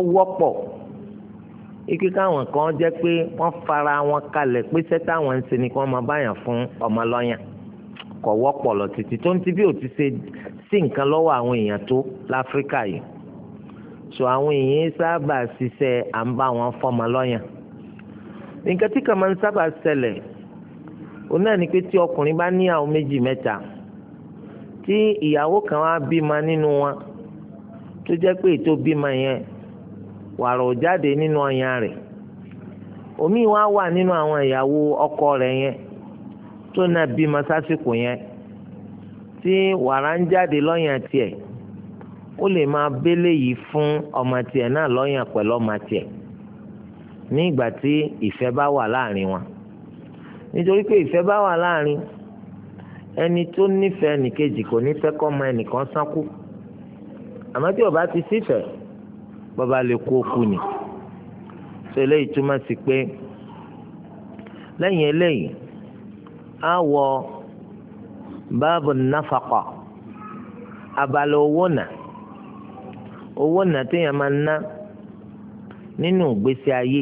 í ike káwọn kan jẹ́ pé wọ́n fara wọn kalẹ̀ pé sẹ́tà wọn ń ṣe ni kí wọ́n máa báyàn fún ọmọ lọ́yàn kọ̀ wọ́pọ̀ lọ títí tó ń ti bí ò ti ṣe sí nǹkan lọ́wọ́ àwọn èèyàn tó láfíríkà yìí so àwọn èèyàn sábà ṣiṣẹ́ à ń bá wọn fọmọ lọ́yàn nǹkan tí kàn máa ń sábà ṣẹlẹ̀ òun náà ni pé tí ọkùnrin bá ní àwọn méjì mẹ́ta tí ìyàwó kan wá bímọ nínú wọn tó jẹ́ pé ètò bímọ yẹn wàrà ò jáde nínú ọyàn rẹ̀ omi wa wà nínú àwọn ìyàwó ọkọ rẹ̀ yẹn tó na bímọ sásìkò yẹn tí wàrà ń jáde lọ́yàn tiẹ̀ ó lè máa bélé yìí fún ọmọ tiẹ̀ náà lọ́yàn pẹ̀lú ọmọ tiẹ̀ ní ìgbà tí ìfẹ́ bá wà láàrin wọn nítorí pé ìfẹ́ bá wà láàrin ẹni tó nífẹ̀ẹ́ nìkejì kò nífẹ̀ẹ́ kọ́ ọmọ ẹnìkan sánkú àmọ́ tí ọba bá ti sífẹ̀ẹ́ bọ́ba lè kú òkú ni so eléyìí túmọ̀ sí pé lẹ́yìn eléyìí á wọ báàbù náfàkọ̀ abala owó nà owó nà téèyàn máa ná nínú ìgbésí ayé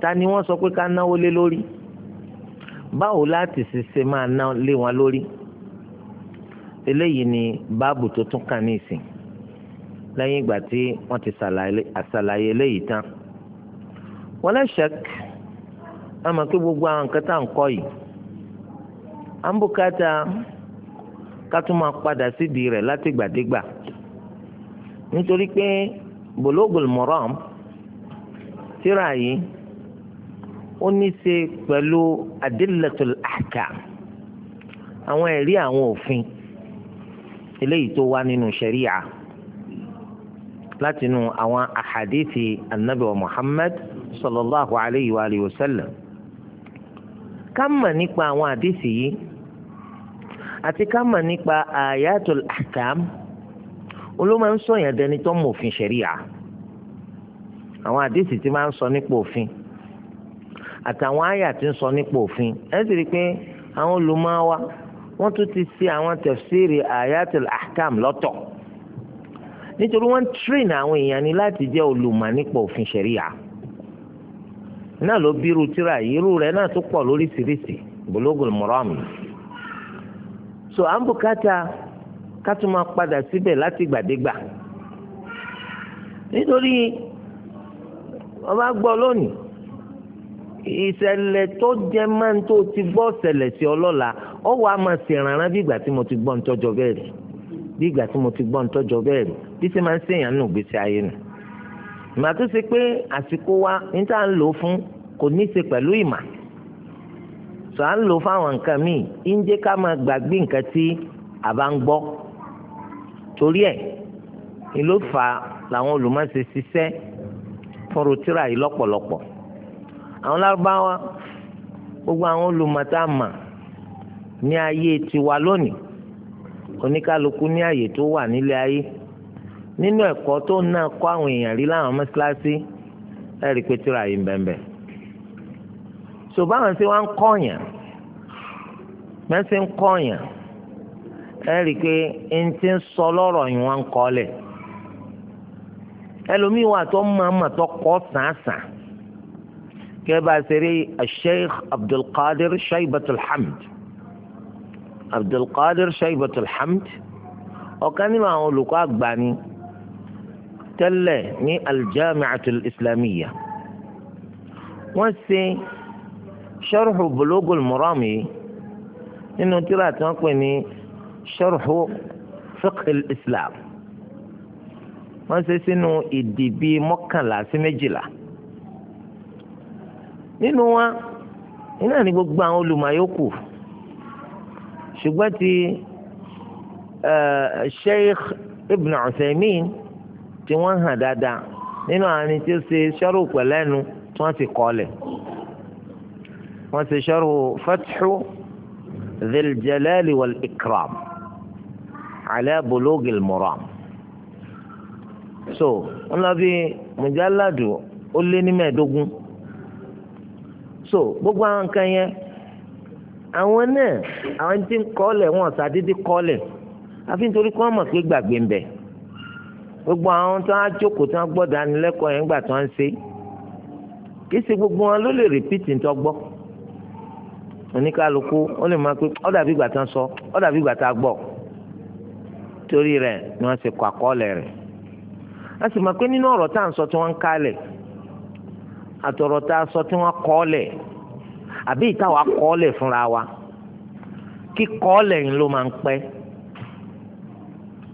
ta ni wọ́n sọ pé ká náwó lé lórí báwo láti ṣiṣẹ́ máa ná lé wọn lórí eléyìí ni báàbù tó tún kàn ní ìsìn lẹ́yìn ìgbà tí wọ́n ti ṣàlàyé léyìí tán wọ́n lẹ́sẹ̀k àmọ́ kí gbogbo àwọn nǹkan tá à ń kọ́ yìí à ń bùkátà ká tún máa padà sídìí rẹ̀ látìgbàdégbà nítorí pé Bulugul Maram tírà yìí ó ní í ṣe pẹ̀lú adillatul ahkam àwọn ẹ̀rí àwọn òfin eléyìí tó wà nínú ṣẹ̀ríà láti inú àwọn àhàdíìsì anabi wa muhammad sallallahu alayhi wa alihi wa sallam ká mọ̀ nípa àwọn àdíìsì yìí àti ká mọ̀ nípa ayatul ahkam olóma ń sọ̀yàn dẹni tó mọ̀ òfin ṣẹ̀ríà àwọn àdíìsì tí máa ń sọ nípa òfin àtàwọn àyà tí ń sọ nípa òfin ẹ sì rí i pé àwọn olùmọ̀ wa wọ́n tún ti ṣe àwọn tafsiri ayatul ahkam lọ́tọ̀. nítorí wọ́n train àwọn èèyàn ni láti jẹ́ olùmọ̀ nípa òfin ṣẹ̀ríyà náà ló bí irú tíra irú rẹ̀ náà tó pọ̀ lóríṣiríṣi Bulugul so ambukata ń padà síbẹ̀ láti gbàdégbà nítorí ọba gbọ́ lónìí ìṣẹ̀lẹ̀ tó ti gbọ́ ṣẹlẹ̀ sí ọlọ́la ọwọ́ a máa ṣèrànràn bí ìgbà ti gbọ́ ń ti gbọ́ ń bí ṣe máa ń ṣèyàn nù gbèsè ayé nù ìmọ̀ tó ṣe pé àsìkò wa ní tá à ń lò ó fún kò ní í ṣe pẹ̀lú ìmọ̀ sọ à ń lò fáwọn nǹkan míì ń jẹ́ ká máa gbàgbé nǹkan tí a bá ń gbọ́ torí ẹ̀ ni ló làwọn olùmọ̀ọ́sẹ̀ ṣiṣẹ́ fún rotira yìí lọ́pọ̀lọpọ̀ àwọn lárúbáwá gbogbo àwọn olùmọ̀ọ́ta mà ní ayé tiwa lónìí oníkálukú ní àyè tó wà nílé ayé nínú ẹ̀kọ́ tó ń náà kọ́ àwọn èèyàn rí láwọn mọ́sálásí ẹ̀rí pé tíra yìí ń bẹ̀m̀bẹ̀. ṣùgbọ́n àwọn tí wọ́n ń kọ́yàn mẹ́sì ń kọ́yàn ẹ̀rí pé ń ti ń sọ lọ́rọ̀ yìí wọ́n ń kọ́ lẹ̀. ẹlòmíì tó máa tó kọ́ sàǹsàn kẹ́ bá a ṣe Sheikh Abdulqadir Shaibatul Hamd Abdulqadir Shaibatul Hamd ọ̀kan nínú àwọn olùkọ́ àgbà ni tẹ́lẹ̀ ní aljamiatul islamiyya wọ́n ṣe sharhu bulugul maram yìí nínú tírà tí wọ́n pè ní sharhu fiqhil islam wọ́n ṣe sínú ìdí bíi mọ́kànlá sí méjìlá nínú wa iná ní gbogbo àwọn olùmọ̀yókù ṣùgbọ́n ti eh, sheikh ibn Uthaymin tí wọ́n hàn dáadáa nínú àárín tí ó ṣe ṣọ́rù pẹ̀lẹ́nu tí wọ́n ti kọ́lẹ̀ wọ́n ṣe ṣọ́rù fatḥu dhil wal ikram ala bulugil maram so wọ́n lọ bí mujalladu ó lé ní mẹ́ẹ̀ẹ́dógún so gbogbo àwọn nǹkan yẹn àwọn náà àwọn tí ń kọ́lẹ̀ wọn ṣàdédé kọ́lẹ̀ àfi nítorí kí wọ́n mọ̀ pé gbàgbé ń bẹ̀ẹ́ gbogbo àwọn tó ń jókòó tó ń gbọ́ dánilẹ́kọ̀ọ́ yẹn gbà tó ń ṣe kì í ṣe gbogbo wọn ló lè rìpíìtì ń tọ́gbọ́ oníkálukú ó lè máa pé ó dàbí ìgbà tó ń sọ ó dàbí ìgbà gbọ́ torí rẹ̀ ni wọ́n ṣe kọ àkọọ́lẹ̀ rẹ̀ a sì máa pé nínú ọ̀rọ̀ tá à ń sọ tí wọ́n ń kálẹ̀ àtọ̀rọ̀ tá a sọ tí wọ́n kọ́ọ́lẹ̀ àbí ìtawà kọ́ọ́lẹ̀ fúnra wa kíkọ́ọ́lẹ̀ yìí ló máa ń pẹ́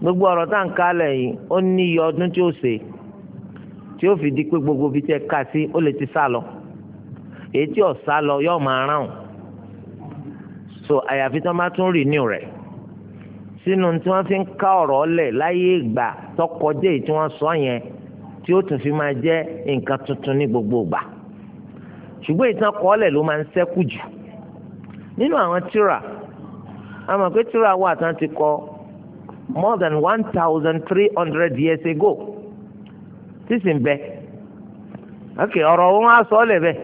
gbogbo ọ̀rọ̀ tá à ń kálẹ̀ yìí ó ní iye ọdún tí ó ṣe tí ó fi di pé gbogbo ibi tí ẹ ká sí ó lè ti sá lọ èyí tí ò sá lọ yóò máa rán o so àyàfi tí wọ́n bá tún renew rẹ̀ sínú tí wọ́n fi ń ká ọ̀rọ̀ lẹ̀ láyé ìgbà tọkọjẹ́ èyí tí wọ́n sọ yẹn tí ó tún fi máa jẹ́ nǹkan tuntun ní gbogbo ìgbà ṣùgbọ́n ìtàn kọ́ọ̀lẹ̀ ló máa ń ṣẹ́kù jù nínú àwọn tírà a pé tírà wà tán ti kọ́ more than one thousand three hundred years ago sísì ń bẹ ok ọ̀rọ̀ wọn á sọ lẹ̀ bẹ́ẹ̀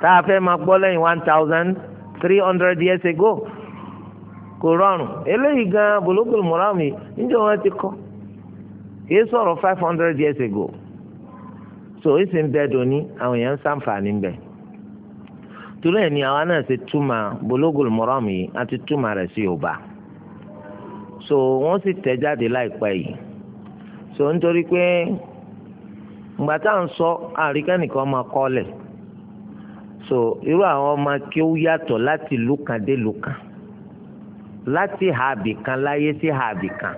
tá a fẹ́ máa gbọ́ lẹ́yìn one thousand three hundred years ago kò rọrùn eléyìí gan Bulugul Maram níjọ́ wọn ti kọ́ kìí sọ̀rọ̀ five hundred years ago so èsì ń bẹ dòní àwọn èèyàn ń sàǹfààní ń bẹ torí ni àwa náà ṣe túmọ̀ Bulugul Maram yìí a ti túmọ̀ rẹ̀ sí Yorùbá. so wọn sì tẹ̀ jáde láìpẹ́ yìí so nítorí pé ìgbà tá à ń sọ àríkẹ́nìkan máa kọ́lẹ̀ so irú àwọn ọmọ akéwú yàtọ̀ láti ìlú kan dé ìlú kan láti hàbì kan láyé sí hàbì kan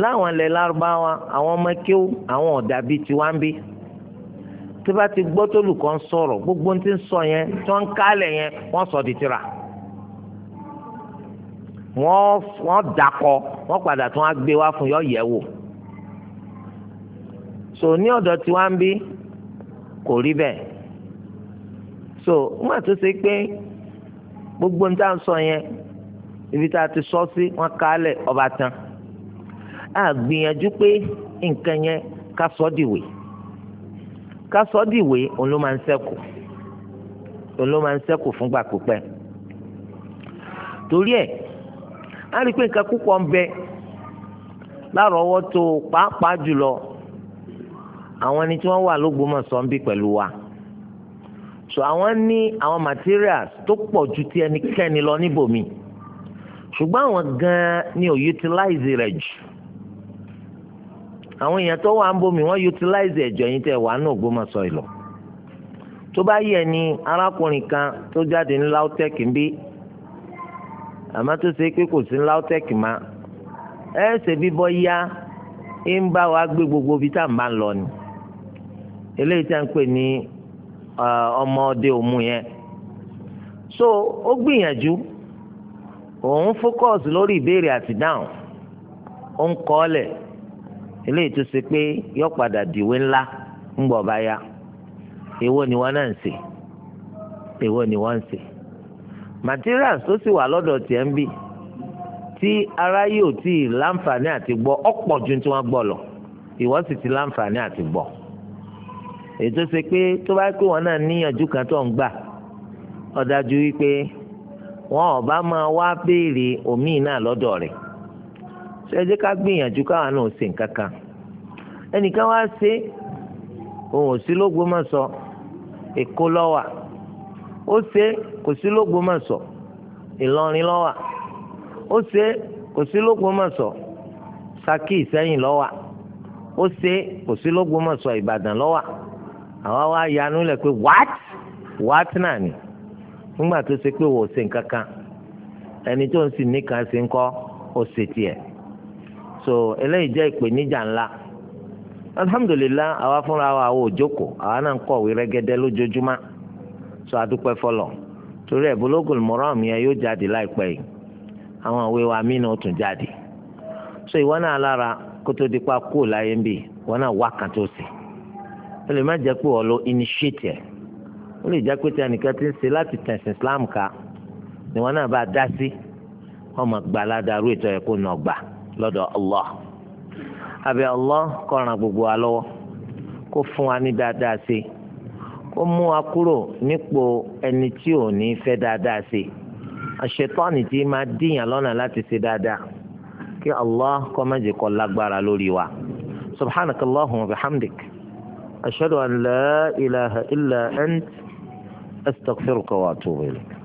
láwọn ilẹ̀ lárúbáwá àwọn ọmọ akéwú àwọn ọ̀dà bíi tiwa tí bá ti gbọ́ sọ̀rọ̀ gbogbo ń ti ń sọ yẹn tí wọ́n ń kálẹ̀ yẹn wọ́n sọ di tira. So, wọ́n wọ́n dakọ wọ́n padà tún á gbé wá fún yọ yẹ̀ wò so ní ọ̀dọ̀ tí wọ́n ń bí kò rí bẹ́ẹ̀ so wọ́n tún ṣe pé gbogbo ní tá à ń sọ yẹn ibi tá a ti sọ sí wọ́n kálẹ̀ ọba tán a gbìyànjú pé nǹkan yẹn ká sọ dìwé ká sọ dìwé òun ló máa ń ṣẹ́kù òun ló máa ń ṣẹ́kù fúngbà pípẹ́ torí ẹ̀ á rí i pé nǹkan púpọ̀ ń bẹ lárọ̀ọ́wọ́tó pàápàá jùlọ àwọn ẹni tí wọ́n wà lógbómọ̀ṣọ́ ń bí pẹ̀lú wa so àwọn ní àwọn materials tó pọ̀ ju ti ẹnikẹ́ni lọ níbòmí ṣùgbọ́n àwọn gan-an ni ò utilize rẹ̀ jù àwọn èèyàn tó wà ń bomi wọ́n utilize ẹ̀jọ̀ yín tẹ̀ wà ní ògbómọ̀ṣọ́ ìlọ tó bá yẹ ni arákùnrin kan tó jáde ní lautech ń bí àmọ́ se ṣe pé kò sí LAUTECH má ya ṣe bíbọ́ yá gbogbo vita tá à ń ni eléyìí tá à ń pè ní ọmọdé òmu yẹn so ó gbìyànjú òun fókọ̀sì lórí ìbéèrè àti dáhùn ó ń kọ́ ọ́lẹ̀ eléyìí tó ṣe pé yọ padà dìwé ni materials tó sì wà lọ́dọ̀ tiẹ̀ ń bì tí aráyé ò tí ì láǹfààní àti gbọ́ ọ̀pọ̀ ju tí wọ́n gbọ́ lọ ìwọ sì ti láǹfààní àti gbọ́ ètò ṣe pé tó bá pé wọn náà níyànjú kan tó ń gbà ó dájú wípé wọn ò bá máa wá béèrè òmíì náà lọ́dọ̀ rẹ̀ ṣé ẹ jẹ́ ká gbìyànjú káwọn náà ṣe nǹkan kan ẹnìkan wá ṣe òun ò sí lógbómọ̀ṣọ́ èkó lọ́wà. ó ṣe kò sí l'Ógbómọ̀ṣọ́ Ìlọrin ló wà ó ṣe kò sí l'Ógbómọ̀ṣọ́ Ṣakí Ìṣẹ̀yìn ló wà ó ṣe kò sí l'Ógbómọ̀ṣọ́ Ìbàdàn ló àwa wá yanu lẹ pé náà ni nígbà tó ṣe pé wò ó ṣe nǹkan kan ẹni tó ń sì níkan ṣe so eléyìí jẹ́ ìpèníjà ńlá alhamdulilah àwa fúnra wa àwa náà tó adúpẹ́ fọlọ̀ torí ẹ̀ Bulugul Maram yẹn yóò jáde láìpẹ́ yìí àwọn òwe wa mí náà tún jáde so ìwọ náà lára tó dípa kú láyé ń bì ìwọ náà wá tó sì ó lè má jẹ́ pé ọ lọ initiate ẹ̀ ó lè jẹ́ pé tẹnìkan ti ń ṣe láti tẹ̀sìn Islam ká ni wọn náà bá dá sí ọmọ gbalada rú ẹ̀kọ́ náà gbà lọ́dọ̀ kó mú wa kúrò nípò ẹni tí ò ní fẹ́ dáadáa ṣe àṣetọ́ni tí máa díyàn lọ́nà láti ṣe dáadáa kí allah kó má jẹ́ kó lágbára lórí wa subhanaka allahumma wa bihamdik ashhadu an la ilaha illa ant astaghfiruka wa atubu ilayk.